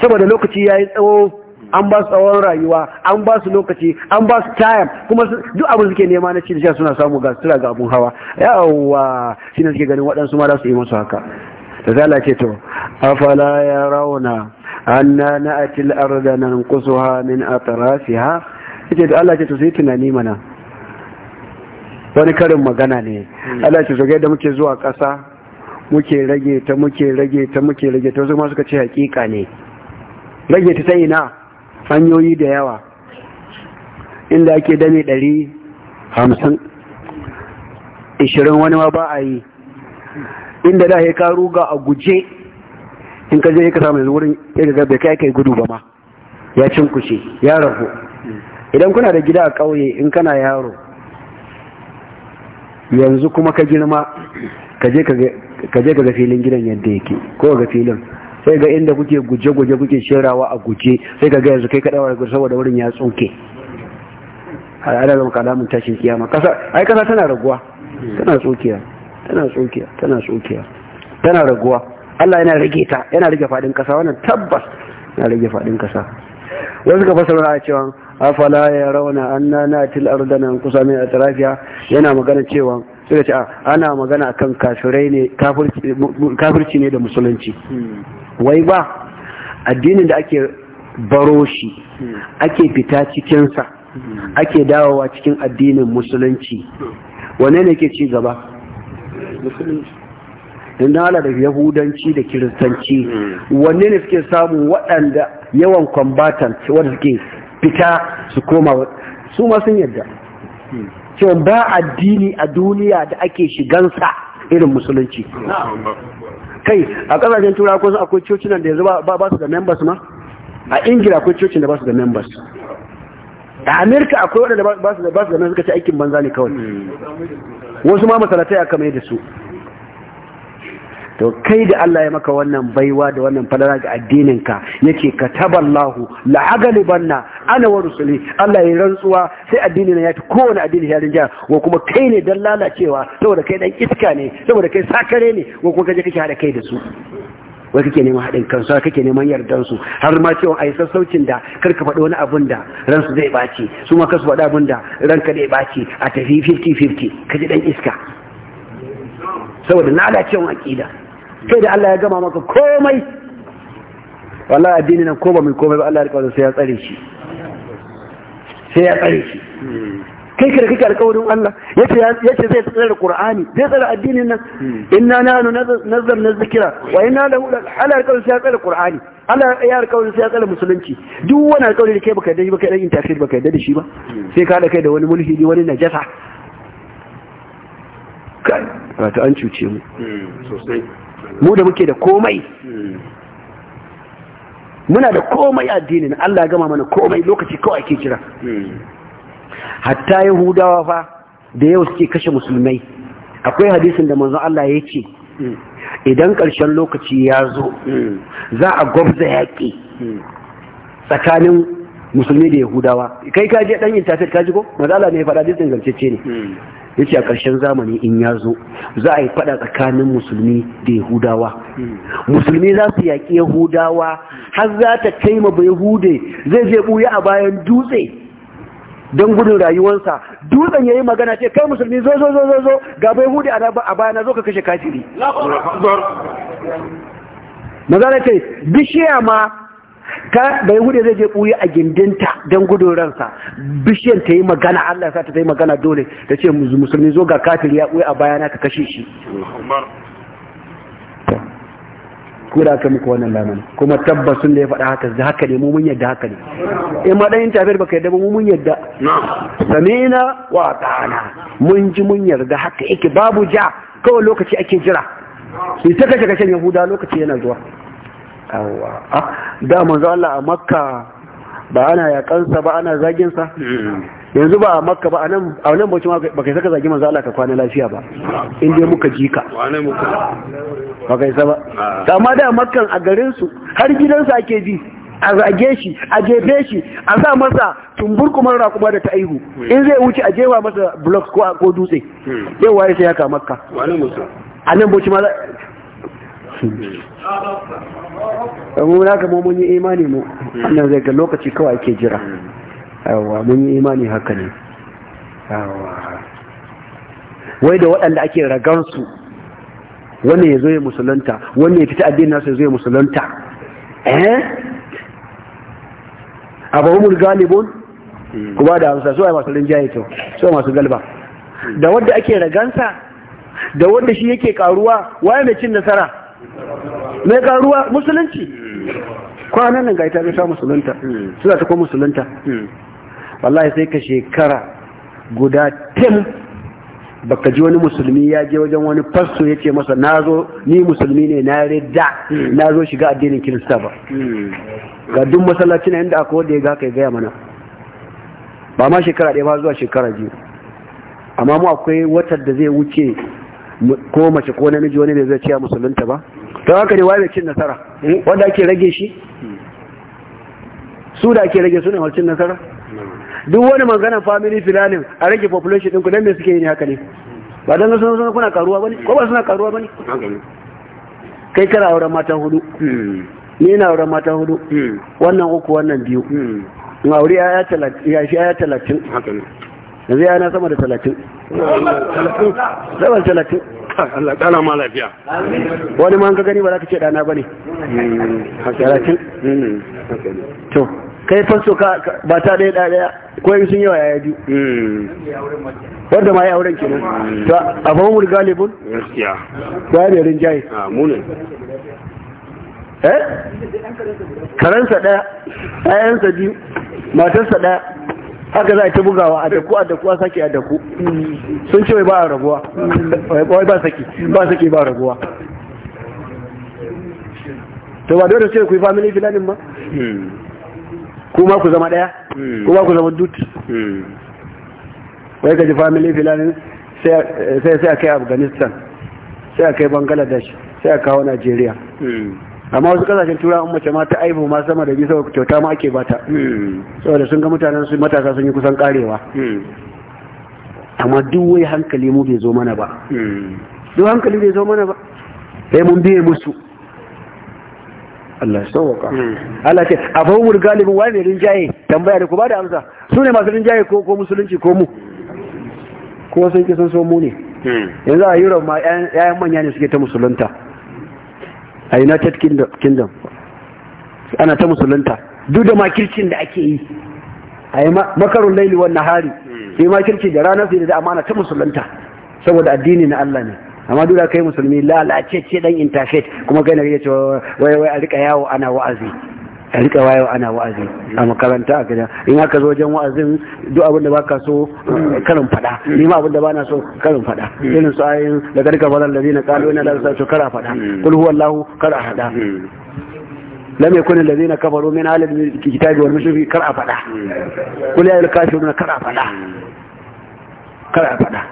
saboda lokaci ya yi tsawo an ba su tsawon rayuwa an ba su lokaci an ba su time kuma duk abin suke nema na cikin suna samu ga tura ga abun hawa yawa shi ne suke ganin waɗansu ma za su yi masu haka da zala ce to afala ya rauna anna na'ati al-arda nanqusuha min ha yace da Allah ce to sai tunani mana wani karin magana ne hmm. Allah ce so ga yadda muke zuwa ƙasa muke rage ta muke rage ta muke rage ta wasu ma suka ce hakika ne rage ta ta na. hanyoyi da yawa inda ake dame ɗari hamsin ishirin wani ma ba a yi inda da ya karu ga a guje in ka je ka samu wurin ya ga bai kai kai gudu ba ma ya cinkushe ya ragu idan kuna da gida a ƙauye in kana yaro yanzu kuma ka girma ka je ka ga filin gidan yadda yake ko ga filin sai ga inda kuke guje-guje kuke sherawa a guje sai ga yanzu kai kaɗawa guje saboda wurin ya tsoke A yada zama kalamun tashin kiyama ai kasa tana raguwa tana tsokiya tana tsokiya tana tsokiya tana raguwa Allah yana rage ta yana rage fadin kasa wannan tabbas yana rage fadin kasa wasu ka fasar a cewa afala ya rauna anna natil ardana kusa min atrafiya yana magana cewa suka ce ah, ana magana akan kafirai ne kafirci ne da musulunci hmm. wai ba addinin da ake baro shi hmm. ake fita cikinsa hmm. ake dawowa cikin addinin musulunci wane ne ke ci gaba Musulunci. hala da yahudanci da kiristanci hmm. wanne ne suke samun waɗanda yawan combatant wanda suke fita su koma su ma sun yadda cewa ba addini a duniya da ake shigansa irin musulunci kai a kasashen tura ko sun akwai cocinan da yanzu ba su da members ma a ingila akwai cocin da ba su da members a amerika akwai waɗanda ba su da members suka ce aikin banza ne kawai hmm. wasu ma masalatai aka mai da su to kai da Allah ya maka wannan baiwa da wannan falala ga addininka yake ka kataballahu la'agalibanna ana wa rusuli Allah ya rantsuwa sai addini na ya fi kowane addini ya rinja wa kuma kai ne dan lalacewa saboda kai dan iska ne saboda kai sakare ne wa kuma kaje kake hada kai da su wai kake neman haɗin kansu kake neman yardan su har ma cewa ai sassaucin da karka ka faɗi wani abun da ransu zai ɓaci su ma kasu faɗi abun da ranka zai ɓaci a tafi 50-50 kaji dan iska saboda na lalacewan aƙida Sai da Allah ya gama maka komai wallahi addini nan ko ba mai komai ba Allah ya rika sai ya tsare shi sai ya tsare shi kai ka da kake alƙawarin Allah yace zai tsare Qur'ani zai tsare addinin nan inna nahnu na zikira. wa inna lahu ala alƙawarin sai ya tsare Qur'ani Allah ya alƙawarin sai ya tsare musulunci duk wani alƙawari da kai baka yarda ba kai dan interfere baka yarda da shi ba sai ka da kai da wani mulhidi wani najasa wato an cuce mu hmm, sosai mu da muke da komai muna da komai addinin Allah gama mana komai lokaci kawai ake kira hatta yahudawa fa da yau suke kashe musulmai akwai hadisin da manzon Allah ya ce idan ƙarshen lokaci ya zo za a gwabza yaƙi tsakanin musulmi da yahudawa kai ka je dan intafet ka ji ko mazala ne fara disin gancece ne hmm. yace a karshen zamani in ya zo za a yi faɗa tsakanin musulmi da yahudawa hmm. musulmi za su yaƙi yahudawa har za ta kai ma yahude zai je buya a bayan dutse don gudun rayuwarsa dutsen ya yi magana ce kai musulmi zo zo zo zo zo ga bai hude a bayana zo ka kashe kafiri mazala ce bishiya ma ka bai hude zai je ɓuya a gindinta don gudun ransa bishiyar ta yi magana Allah sa ta ta yi magana dole ta ce musulmi zo ga kafir ya ɓuya a bayana ka kashe shi Ku da aka muku wannan lamarin kuma tabbasun da ya faɗa haka da haka ne mu mun yadda haka ne in ma dan tafiyar baka yadda ba mu mun yadda samina wa ta'ana mun ji mun yarda haka yake babu ja kawai lokaci ake jira sai ta kashe kashen yahuda lokaci yana zuwa A ah, da manzo Allah a makka ba ana yakansa ba ana zaginsa yanzu ba a makka ba a nan bauchi ba kai saka zagi manzo Allah ka kwana lafiya ba inda muka ji ka ba kai saba ta ah. amma da makkan a garinsu har gidansu ake ji a zage shi a jefe shi a sa masa tumbur kuma rakuma da ta aihu hmm. in zai wuce a jewa masa blocks ko dutse hmm. yau waye sai ya ka makka a nan bauchi ma Eh, mu na kama mun yi imani mu annan zai ga lokaci kawai ake jira yawa mun yi imani haka ne yawa wai da waɗanda ake ragansu wani ya zo ya musulunta wani ya fita addinin nasu ya zo ya musulunta eh abahumul galibun kuma da hamsa su a masu rinjaye to su a masu galba da wanda ake ragansa da wanda shi yake karuwa waye mai cin nasara mai karuwa musulunci kwanan nan ga ita ta musulunta suna ta kuma musulunta wallahi sai ka shekara guda tim baka ji wani musulmi ya je wajen wani fasto ya ce masa na zo ni musulmi ne na da. na zo shiga addinin kirista ba ga duk masallaci na inda aka wadda ya ga kai gaya mana ba ma shekara ɗaya ba zuwa shekara biyu amma mu akwai watar da zai wuce ko mace ko namiji wani ne zai ciya musulunta ba ta haka ne waye cin nasara wanda ake rage shi su da ake rage su ne cin nasara duk wani maganan family planning a rage population ɗinku don me suke yi ne haka ne ba don sun sun kuna karuwa bane ko ba suna karuwa bane kai kana auren mata hudu hmm. ni na auren mata hudu hmm. wannan uku wannan biyu hmm. in aure ya ya talatin yanzu ya na sama da talatin zaman talatin Allah ɗana ma lafiya wani ma ga gani ba za ka ce ɗana ba ne a hmm, talatin hmm, to kai fasto ka ba ta ɗaya ɗaya ko yin sun yawa ya yaji hmm. wadda ma ya auren nan to a mu riga galibun ya ba ne rinjaye eh karansa ɗaya ɗayansa biyu matarsa ɗaya haka za a ta bugawa a daku a daku a sake a daku sun ce wai ba a raguwa, wai ba saki ba saki ba raguwa, to ba dole sai ku yi family planning ba kuma ku zama daya kuma ku zama dut wai ka ji family planning sai sai a kai afghanistan sai a kai bangladesh sai a kawo nigeria amma wasu kasashen turawa mace ma ta aibu ma sama da bisa kyauta ma ake bata saboda sun ga mutanen su matasa sun yi kusan karewa amma duk wai hankali mu bai zo mana ba duk hankali bai zo mana ba sai mun biye musu Allah ya sauwaka Allah ce a fahimur galibin wani ne rinjaye tambaya da ku ba da amsa su ne masu rinjaye ko ko musulunci ko mu ko sun ki sun so mu ne hmm. yanzu a Europe ma 'ya'yan manya ne suke ta musulunta a united kingdom ana ta musulunta duk da makircin da ake yi a yi makarun laili wannan hari hmm. sai makirci da ranar sai da amana ta musulunta saboda addini na Allah ne amma duk da kai musulmi lalace ce dan interfaith kuma kai na ga cewa wai wai a rika yawo ana wa'azi a rika wayo ana wa'azi a makaranta a gida in aka zo wajen wa'azin duk abin da baka so eh, karin fada ni ma abin da bana so karin fada irin su ayin da garka falan da zina kalu ina da sa kara fada kul huwallahu kara hada lam yakun alladhina kafaru min ahli alkitabi wal mushrikin kar fada kul ya alkafiruna kara fada a fada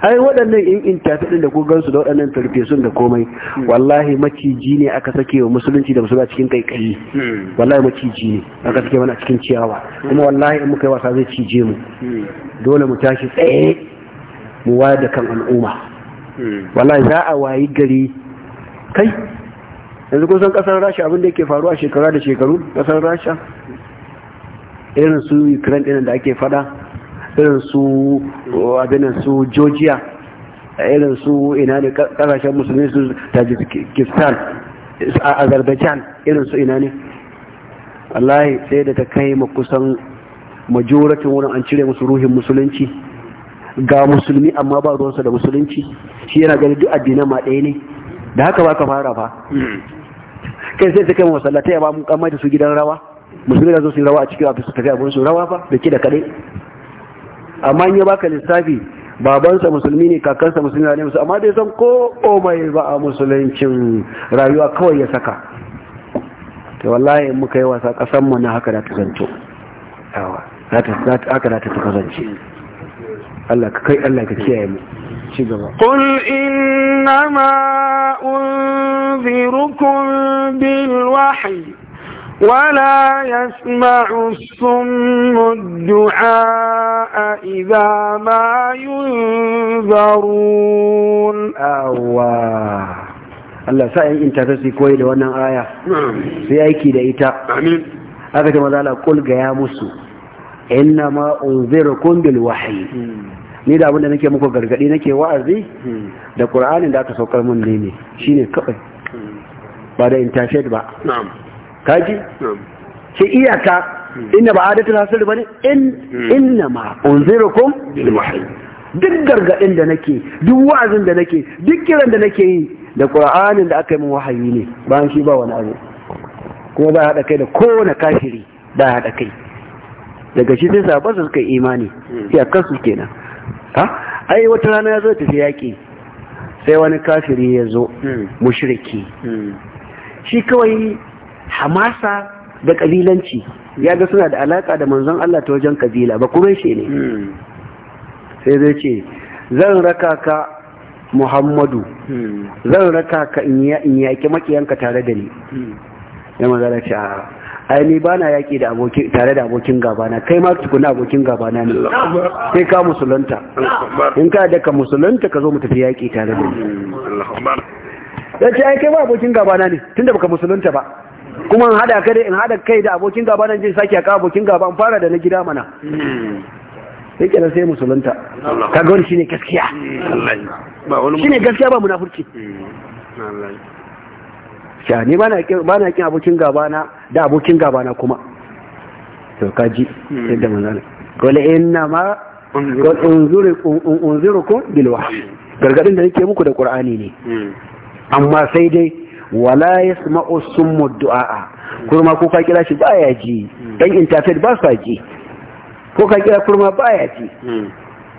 ai waɗannan in in tafi da ku gansu da waɗannan sun da komai hmm. wallahi maciji ne aka sake wa musulunci da musulunci cikin kaikayi hmm. wallahi maciji ne aka sake mana cikin ciyawa kuma wallahi in muka yi wasa zai cije mu hmm. dole mu tashi tsaye mu wayar da kan al'umma wallahi za a wayi gari kai yanzu kun san kasar rasha abin da yake faruwa shekara da shekaru kasar rasha irin su ukraine ɗin da ake fada irin su abinan su georgia irin su ina ne kasashen musulmi su tajikistan azerbaijan irin su ina ne allahi sai da ta kai ma kusan majoratin wurin an cire musu ruhin musulunci ga musulmi amma ba ruwansa da musulunci shi yana gani duk addinan ma ɗaya ne da haka ba ka fara ba. kai sai suka masallata ya ba mu kamar da su gidan rawa musulmi da zo su rawa a cikin ofis su tafi abin su rawa ba da ke da kaɗai amma in ya baka lissafi babansa musulmi ne kakansa musulmi ne musu amma dai san ko komai ba a musuluncin rayuwa kawai ya saka to wallahi in muka yi wasa kasan mu na haka da ta zanto yawa haka da ta kasance Allah ka kai Allah ka kiyaye mu ci gaba qul innama unzirukum bil wahyi ولا يسمع الصم الدعاء إذا ما ينذرون أواه Allah sa yin interface koyi da wannan aya sai aiki da ita aka ce maza Allah kul ga musu inna ma unzirukum bil wahyi ni da abinda nake muku gargadi nake wa'azi da Qur'anin da aka saukar mun ne ne shine ba da interface ba kaji ce iyaka inna ba adatul hasir bane in hmm. inna ma unzirukum bil wahyi duk gargadin da nake duk wa'azin da nake duk kiran da nake yi da qur'anin da aka yi min wahayi ne bayan shi ba wani abu kuma ba hada kai da kowane kafiri ba hada kai daga shi sai su suka imani. Hmm. imani ya kasu kenan ha ai wata rana ya zo ta tafi yaki sai wani kafiri ya zo hmm. mushriki shi kawai hamasa da kabilanci ya ga suna da alaka da manzon Allah ta wajen kabila ba kuma shi ne hmm. sai zai ce zan raka ka muhammadu hmm. zan raka ka in yaƙi makiyanka tare da ni hmm. ya magana ce a aini ba na yaƙi tare da abokin gabana kai ma tukuna abokin gabana ne sai ka musulunta in ka da ka musulunta ka zo mu tafi yaƙi tare da ni ya ce ai kai ma abokin gabana ne tunda baka musulunta ba kuma in hada kai in hada kai da abokin gaba nan je sake aka abokin gaba an fara da na gida mana sai kenan sai musulunta ka ga wani shine gaskiya shine gaskiya ba munafurci sha hmm. ni ba na kin abokin gaba na da abokin gaba na kuma to kaji hmm. yadda zana qul inna ma qul unzirukum unzirukum bil wahyi gargadin da nake muku da qur'ani ne hmm. amma sai dai wala yasma'u summu du'a kurma ko ka kira shi baya ji dan interfere ba sa ji ko ka kira kurma baya ji hmm.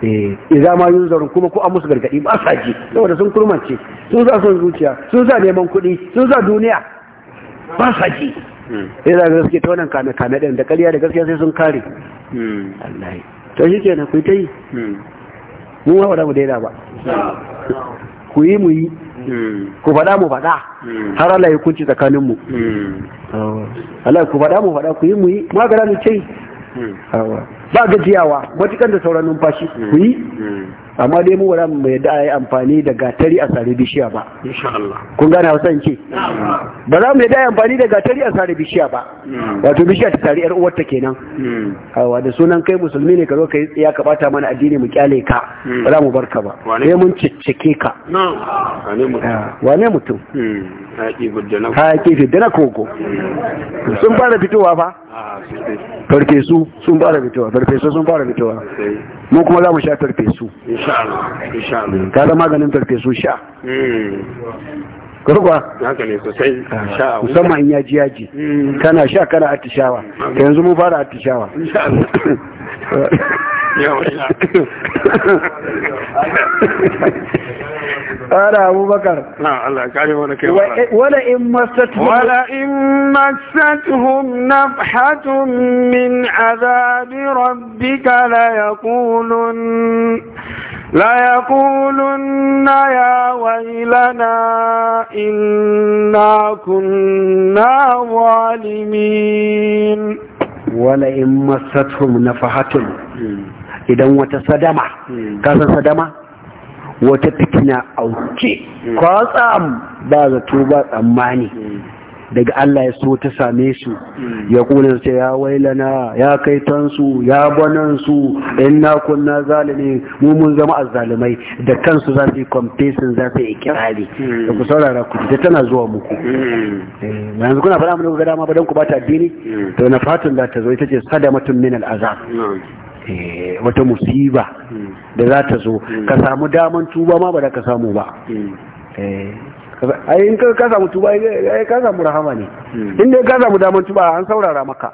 eh idan ma zaru kuma ko an musu gargadi ba sa ji saboda sun kurmance sun sa son zuciya sun sa neman kuɗi sun sa duniya ba sa ji hmm. eh da ga gaske ta wannan kana kame din da ƙarya da gaskiya sai sun kare hmm. Allah to shi kenan ku tai ta yi mu wa mu daina ba ku yi mu yi hmm. ku faɗa mu faɗa hmm. har Allah ya kunci tsakanin mu hmm. Allah ku faɗa mu faɗa ku yi mu yi ga mu ce ba gajiyawa matukan da sauran numfashi ku yi amma dai mu ba mu mai da yi amfani da gatari a sare bishiya ba kun gane hausa ce ba za mu yi da yi amfani da gatari a sare bishiya ba wato bishiya ta tare yar ta kenan hmm. awa da sunan kai musulmi ne ka zo ka ya kabata mana addini mu kyale ka hmm. ba za mu bar ka ba sai mun ciccike ka wane mutum hmm. haƙi fiddana kogo sun fara fitowa fa su sun fara fitowa su sun fara fitowa mu kuma za mu sha farfesu ka zama maganin su sha hmm. kurkuwa haka ne sosai musamman ya ji yaji hmm. kana sha kana atishawa ta yanzu mun fara atishawa yawa قال أبو بكر نعم الله يجعله ولك ولئن مستهم ولئن مستهم نفحة من عذاب ربك ليقولن ليقولن يا ويلنا إنا كنا ظالمين ولئن مستهم نفحة إذا وتصدمة كذا صدمة wata fitina auke kwatsam ba zato ba tsammani daga Allah ya so ta same su ya kula ce ya wailana ya kai tansu ya banansu inna kunna zalimi mu mun zama azzalimai da kansu za su yi confession za su yi ikirari da ku saurara ku ta tana zuwa muku eh, yanzu kuna faɗa mana ku ga dama ba dan ku bata addini hmm. to na fatan za ta zo ita ce sadamatun min al-azab hmm. Eh, wata musiba da za ta zo ka hmm. samu daman tuba ma ba da ka samu ba hmm. eh, ayi in ka samu tuba ayi ka samu rahama ne hmm. in ka samu daman tuba an saurara maka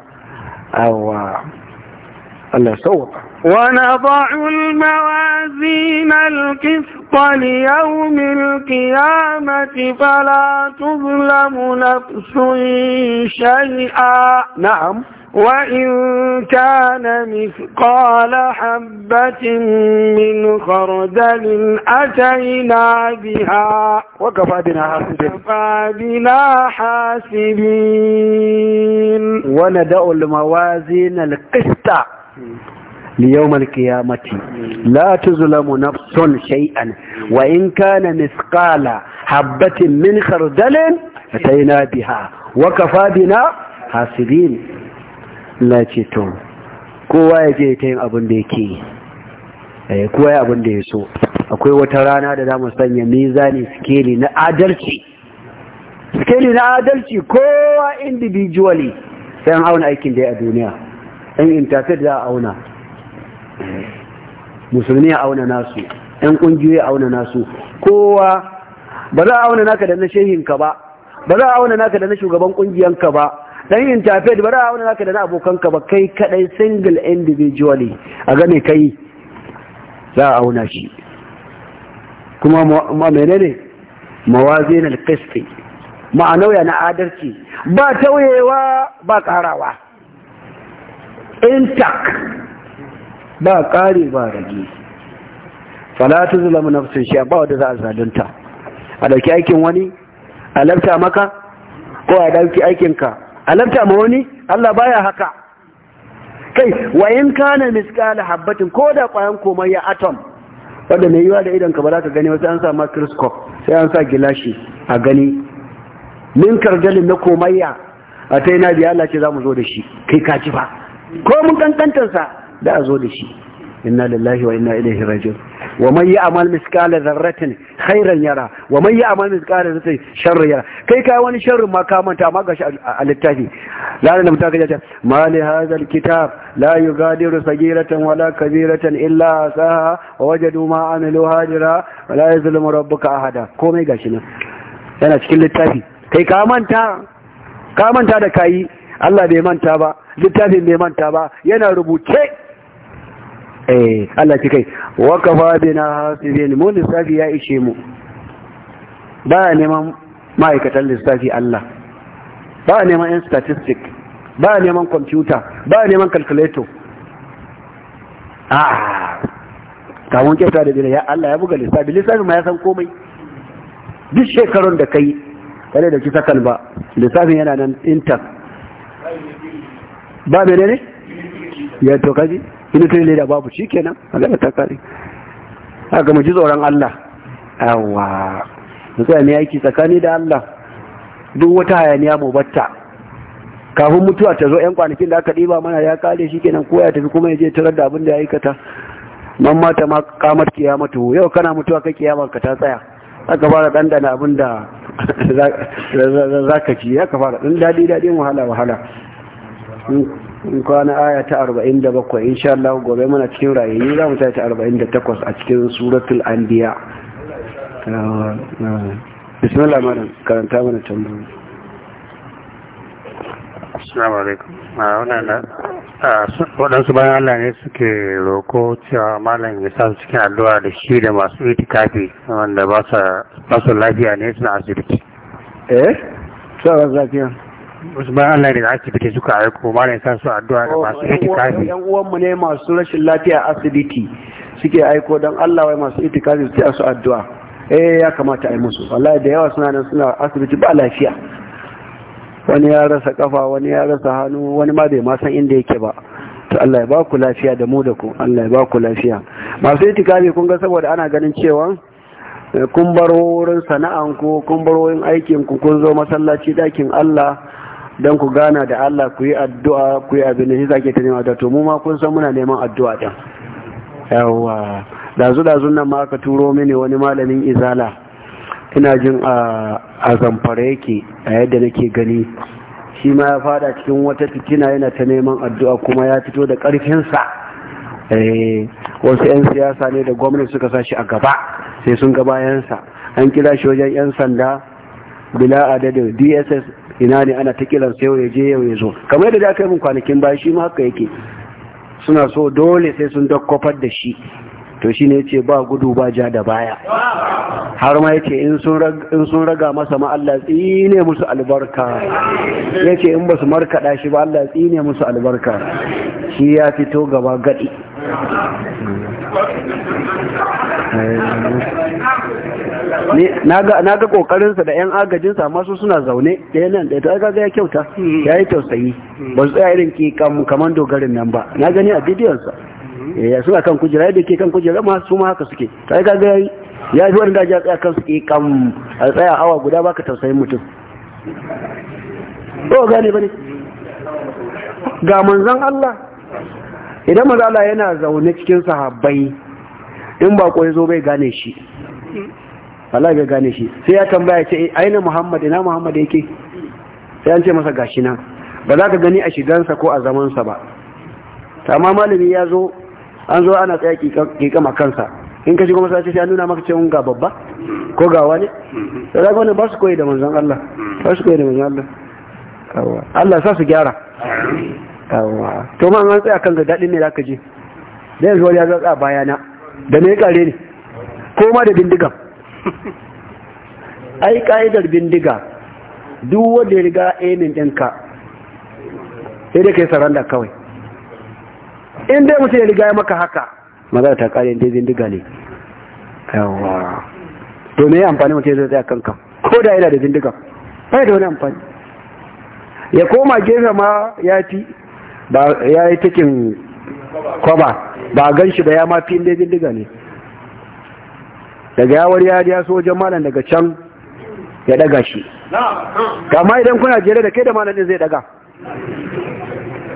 awa Allah sauwaka ونضع الموازين القسط ليوم القيامة فلا تظلم نفس شيئا نعم وإن كان مثقال حبة من خردل أتينا بها وكفى بنا حاسبين وكفى بنا حاسبين وندع الموازين القسط ليوم القيامة لا تظلم نفس شيئا وإن كان مثقال حبة من خردل أتينا بها وكفى بنا حاسبين Allah ce to kowa ya je ta yin abin da yake yi eh kowa ya abin da ya so akwai wata rana da za mu sanya mizani skeli na adalci sikeli na adalci kowa individually sai an auna aikin da ya a duniya ɗan intafet za a auna eh, musulmi ya auna nasu ɗan ƙungiyoyi ya auna nasu kowa ba za a auna naka da na shehinka ba ba za a auna naka da na shugaban ƙungiyanka ba dan interfaith ba da wani zaka da na abokanka ba kai kadai single individually a gane kai za a auna shi kuma ma menene mawazin al-qisti ya na adalci ba tauyewa ba karawa intact ba kare ba rage falatu zulamu nafsun shi ba wanda za a zalunta a dauki aikin wani a lafta maka ko a dauki ka? alamta ma wani Allah baya haka kai Wa in kana miskala habbatin ko da kwayan komai ya atom wanda mai yiwa da idan ka ba ka gani wasu an sa microscope sai an sa gilashi a gani min kargalin na komayya a ta na biya Allah ce za mu zo da shi kai ka ji ba ko mun kankantarsa da a zo da shi inna lillahi wa inna ilaihi raji'un wa man ya'mal dharratin khairan yara wa man ya'mal dharratin sharran yara kai kai wani sharrin ma ka manta ma a littafi ma li hadha alkitab la yughadiru sagiratan wala kabiratan illa saha wa wajadu ma amilu wa la yuzlimu rabbuka ahada komai gashi nan yana cikin littafi kai ka manta ka manta da kayi Allah bai manta ba littafin bai manta ba yana rubuce eh Allah ki kai wa kafa bina hasibin mun lissafi ya ishe mu ba neman ma'aikatan lissafi Allah ba neman yan statistic ba neman computer ba neman calculator ah mun kyauta da bila ya Allah ya buga lissafi lissafi ma ya san komai duk shekarun da kai kare da kisa kalba lissafin yana nan intact ba ne ya to kaji hilitin leda babu shi kenan gaba ta kare a mu ji tsoron Allah yawa mu tsaya ne aiki tsakani da Allah duk wata hayaniya mu batta kafin mutuwa ta zo yan kwanakin da aka ɗiba mana ya kare shi kenan ko ya tafi kuma ya je tarar da abin da ya aikata man mata ma kamar kiyamatu yau kana mutuwa ka kiyamar ka ta tsaya aka fara dandana abin da za ka ci ya ka fara dan daɗi daɗin wahala wahala in kwana aya ta 47 insha Allah gobe muna cikin rayayi za mu ta 48 a cikin suratul anbiya bismillah madan karanta mana tambayoyi assalamu alaikum waɗansu bayan Allah ne suke roko cewa malam ya sa cikin addu'a da shi da masu itikafi wanda ba su lafiya ne suna asibiti eh sa lafiya Usman Allah da asibiti suka aiko malam sa su addu'a da masu itikafi. Yan uwanmu ne masu rashin lafiya a asibiti suke aiko don Allah wai masu itikafi su su addu'a. Eh ya kamata a yi musu. Wallahi da yawa suna nan suna asibiti ba lafiya. Wani ya rasa kafa, wani ya rasa hannu, wani ma bai ma san inda yake ba. To Allah ya ba ku lafiya da mu da ku. Allah ya ba ku lafiya. Masu itikafi kun ga saboda ana ganin cewa eh, kun baro wurin sana'anku kun baro wurin aikinku kun zo masallaci dakin Allah don ku gana da Allah ku yi addu'a ku yi abin da shi zake ta nema da to mu ma kun san muna neman addu'a ɗin yawa dazu dazu nan ma aka turo mini wani malamin izala ina jin a zamfara yake a yadda nake gani shi ma ya fada cikin wata fitina yana ta neman addu'a kuma ya fito da ƙarfinsa eh, wasu 'yan siyasa ne da gwamnati suka sa shi a gaba sai sun ga bayansa an kira shi wajen 'yan sanda bila adadin dss ina ne ana ta kiran sai ya je yau ya zo kamar yadda aka yi mun kwanakin ba shi ma haka yake suna so dole sai sun dakkofar da shi to shi ne ce ba gudu ba ja da baya har ma yace in sun raga masa ma Allah tsine musu albarka yace in ba su markada shi ba Allah tsine musu albarka shi ya fito gaba gadi na ga kokarinsa da 'yan agajinsa masu suna zaune ɗaya nan ya ta ga ya kyauta hmm. ya yi tausayi hmm. ba su tsaya irin ki kaman dogarin nan ba na gani a bidiyonsa ya hmm. eh, suna kan kujera da ke kan kujera ma su ma haka suke ta ga ya yi wani daji a tsaya kan suke kam a tsaya awa guda ba ka tausayin mutum O gane ba ne ga manzan Allah idan manzan Allah yana zaune cikin sahabbai in ba ya zo bai gane shi Allah bai gane shi sai ya tambaya ce eh, aina Muhammad ina Muhammad yake sai an ce masa gashi na ba za ka gani a shigansa ko a zamansa ba amma malami ya zo an zo ana tsaya kikama kansa in ka shigo masa sai an nuna maka cewa ga babba ko ga wani sai ga wani ba su koyi da manzon Allah ba su koyi da manzon Allah kawa Allah sa su gyara kawa to ma an tsaya kan ga dadin ne zaka je da yanzu wani ya zo tsaya bayana da me ya kare ne ko ma da bindigan ai ka'idar bindiga duk wanda ya riga aimin ɗinka sai dai ka yi saranda kawai in dai mutum ya riga ya maka haka magana ta ƙari inda bindiga ne yawa to me amfani mutum zai tsaya kanka ko da yana da bindiga bai da wani amfani ya koma gefe ma ya fi ya yi cikin kwaba ba gan shi ba ya mafi inda bindiga ne daga yawar yari ya so wajen malam daga can ya daga shi kama idan kuna jere da kai da malam din zai daga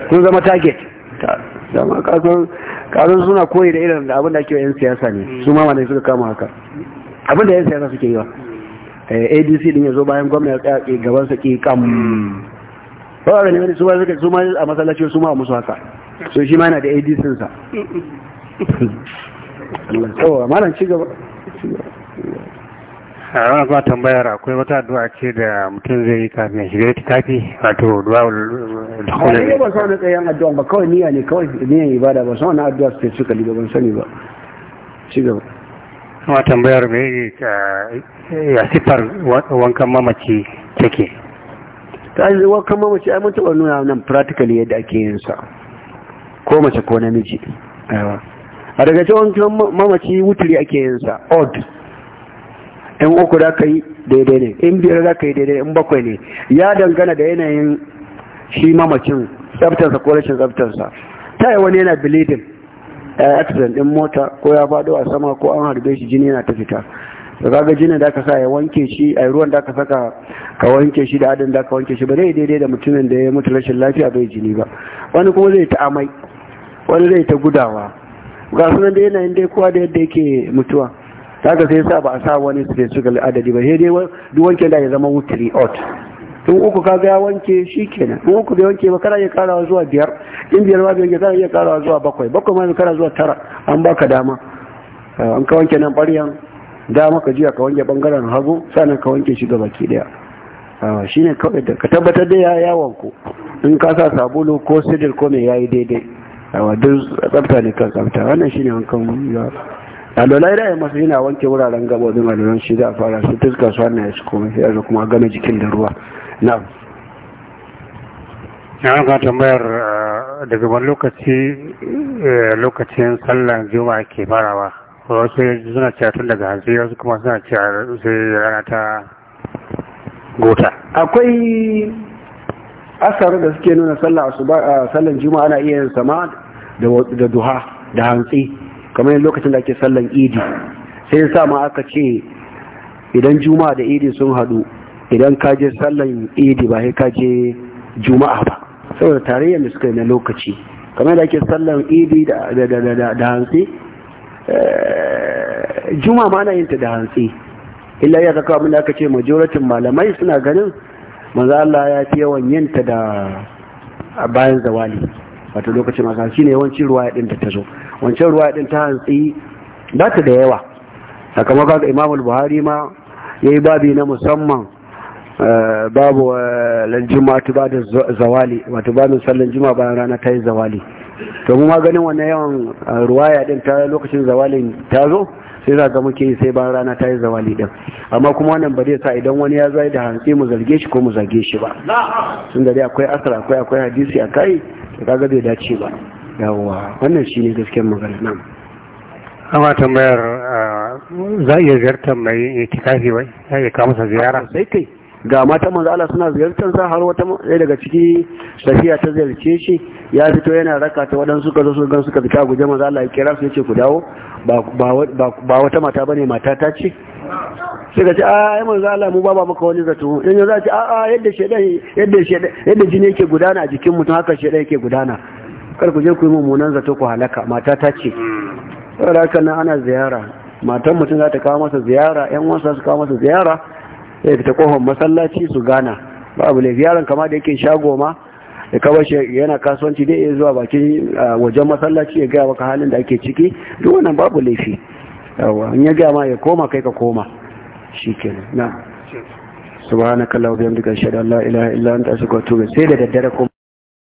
kun zama target dama kasan suna koyi da irin abin da ake wa 'yan siyasa ne su ma malam suka kama haka abin da 'yan siyasa suke yi wa eh, adc din ya zo bayan gwamna ya gaban gabansa ke kam kawai ne wani su suka su ma a masallaci su ma musu haka so shi ma yana da adc sa Allah tsawo malam ci gaba a ba tambayar akwai wata addu'a ce da mutum zai yi kafin ya shiga itikafi wato du'a da ne ba san wani tsayen addu'a ba kawai niyya ne kawai niyyar ibada ba san wani addu'a su suka liba ban sani ba ci gaba kuma tambayar me ya sifar wankan mamaci take ta yi wankan mamaci ai mun taɓa nuna nan practically yadda ake yin sa ko mace ko namiji a daga cikin mamaci wuturi ake yin sa odd in uku za ka yi daidai ne in biyar za ka yi daidai in bakwai ne ya dangana da yanayin shi mamacin tsaftarsa ko rashin tsaftarsa ta yi wani yana bilidin? ya eh, accident din mota ko ya faɗo a sama ko an harbe shi jini yana ta fita da kaga jinin da aka sa ya wanke shi a ruwan da aka saka ka wanke shi da adin da aka wanke shi ba zai daidai da mutumin da ya mutu rashin lafiya bai jini ba wani kuma zai ta amai wani zai ta gudawa ga sunan da yanayin dai kowa da yadda yake mutuwa ga sai sa ba a sa wani specific adadi ba sai dai duk wanke da ya zama wutri out tun uku ka gaya wanke shi kenan tun uku bai wanke ba kana iya karawa zuwa biyar in biyar ma bai wanke kana iya karawa zuwa bakwai bakwai ma bai kara zuwa tara an baka dama an ka wanke nan ɓaryan dama ka jiya ka wanke bangaren hagu sannan ka wanke shi gabaki daya shine kawai da ka tabbatar da ya yawon ku in ka sa sabulu ko sidir ko mai yayi daidai yawa duk tsafta ne kan tsafta wannan shine wankan ya alolai da yin masu yana wanke wuraren gabobin alolan shi za a fara su tuska su wannan ya su komai sai yanzu kuma gama jikin da ruwa na na ga tambayar eh, daga wani lokaci eh, lokacin sallan juma'a ke farawa wasu suna cewa tun daga hanzu wasu kuma suna cewa sai rana ta gota akwai asarar da suke nuna sallan juma'a ana iya yin sama da duha da hantsi kamar yin lokacin da ake sallan idi sai sa ma aka ce idan juma'a da idi sun hadu idan ka je sallan idi ba sai ka je juma'a ba saboda tarayyar da suka yi na lokaci kamar da ake sallan idi da hantsi eh, juma'a ma ana yin ta da hantsi illa ya zaka abin da aka ce majoratin malamai suna ganin manzo Allah ya fi yawan yinta da bayan zawali wato lokacin Shi ne yawancin ruwa ɗin da ta zo wancan ruwa ɗin ta hantsi ba ta da yawa sakamakon ga imamul Buhari ma ya yi babi na musamman eh, babu eh, ta ba da zawali wato babin sallan jima bayan rana ta yi zawali to mu ma ganin wannan yawan eh, ruwaya ɗin ta lokacin zawalin ta zo sai za ga muke yi sai ban rana ta yi zawali din amma kuma wannan ba zai sa idan wani ya zai da hantsi mu zarge shi ko mu zage shi ba tun da dai akwai asar akwai akwai hadisi a kai da kaga bai dace ba yawa wannan shine gaskiyar magana nan amma tambayar ah, za a iya ziyartar mai itikafi wai za a iya kawo masa ziyara sai kai ga mata manzo Allah suna ziyartar sa har wata ɗaya daga ciki tafiya ta ziyarce shi ya fito yana raka ta waɗansu suka zo suka gan suka fita guje manzo Allah ya kira su yace ku dawo ba wata mata bane mata ta ce sai ce a ah, ai manzo Allah mu baba maka wani zato in yanzu a ce a ah, a ah, yadda shedan yadda shedan yadda jini yake gudana a jikin mutum haka shedan yake gudana kar ku je ku yi mummunan zato ku halaka mata ta ce saboda haka nan ana ziyara matan mutum za ta kawo masa ziyara yan wasa su kawo masa ziyara ya fita kofar masallaci su gana babu laifi yaron kama da yake shago ma da kawai yana kasuwanci dai iya zuwa bakin wajen masallaci ya gaya maka halin da ake ciki duk wannan babu laifi yawa in ya gaya ma ya koma kai ka koma ke na subhanakallahumma wa bihamdika ashhadu an la ilaha illa anta astaghfiruka wa atubu sai da daddare kuma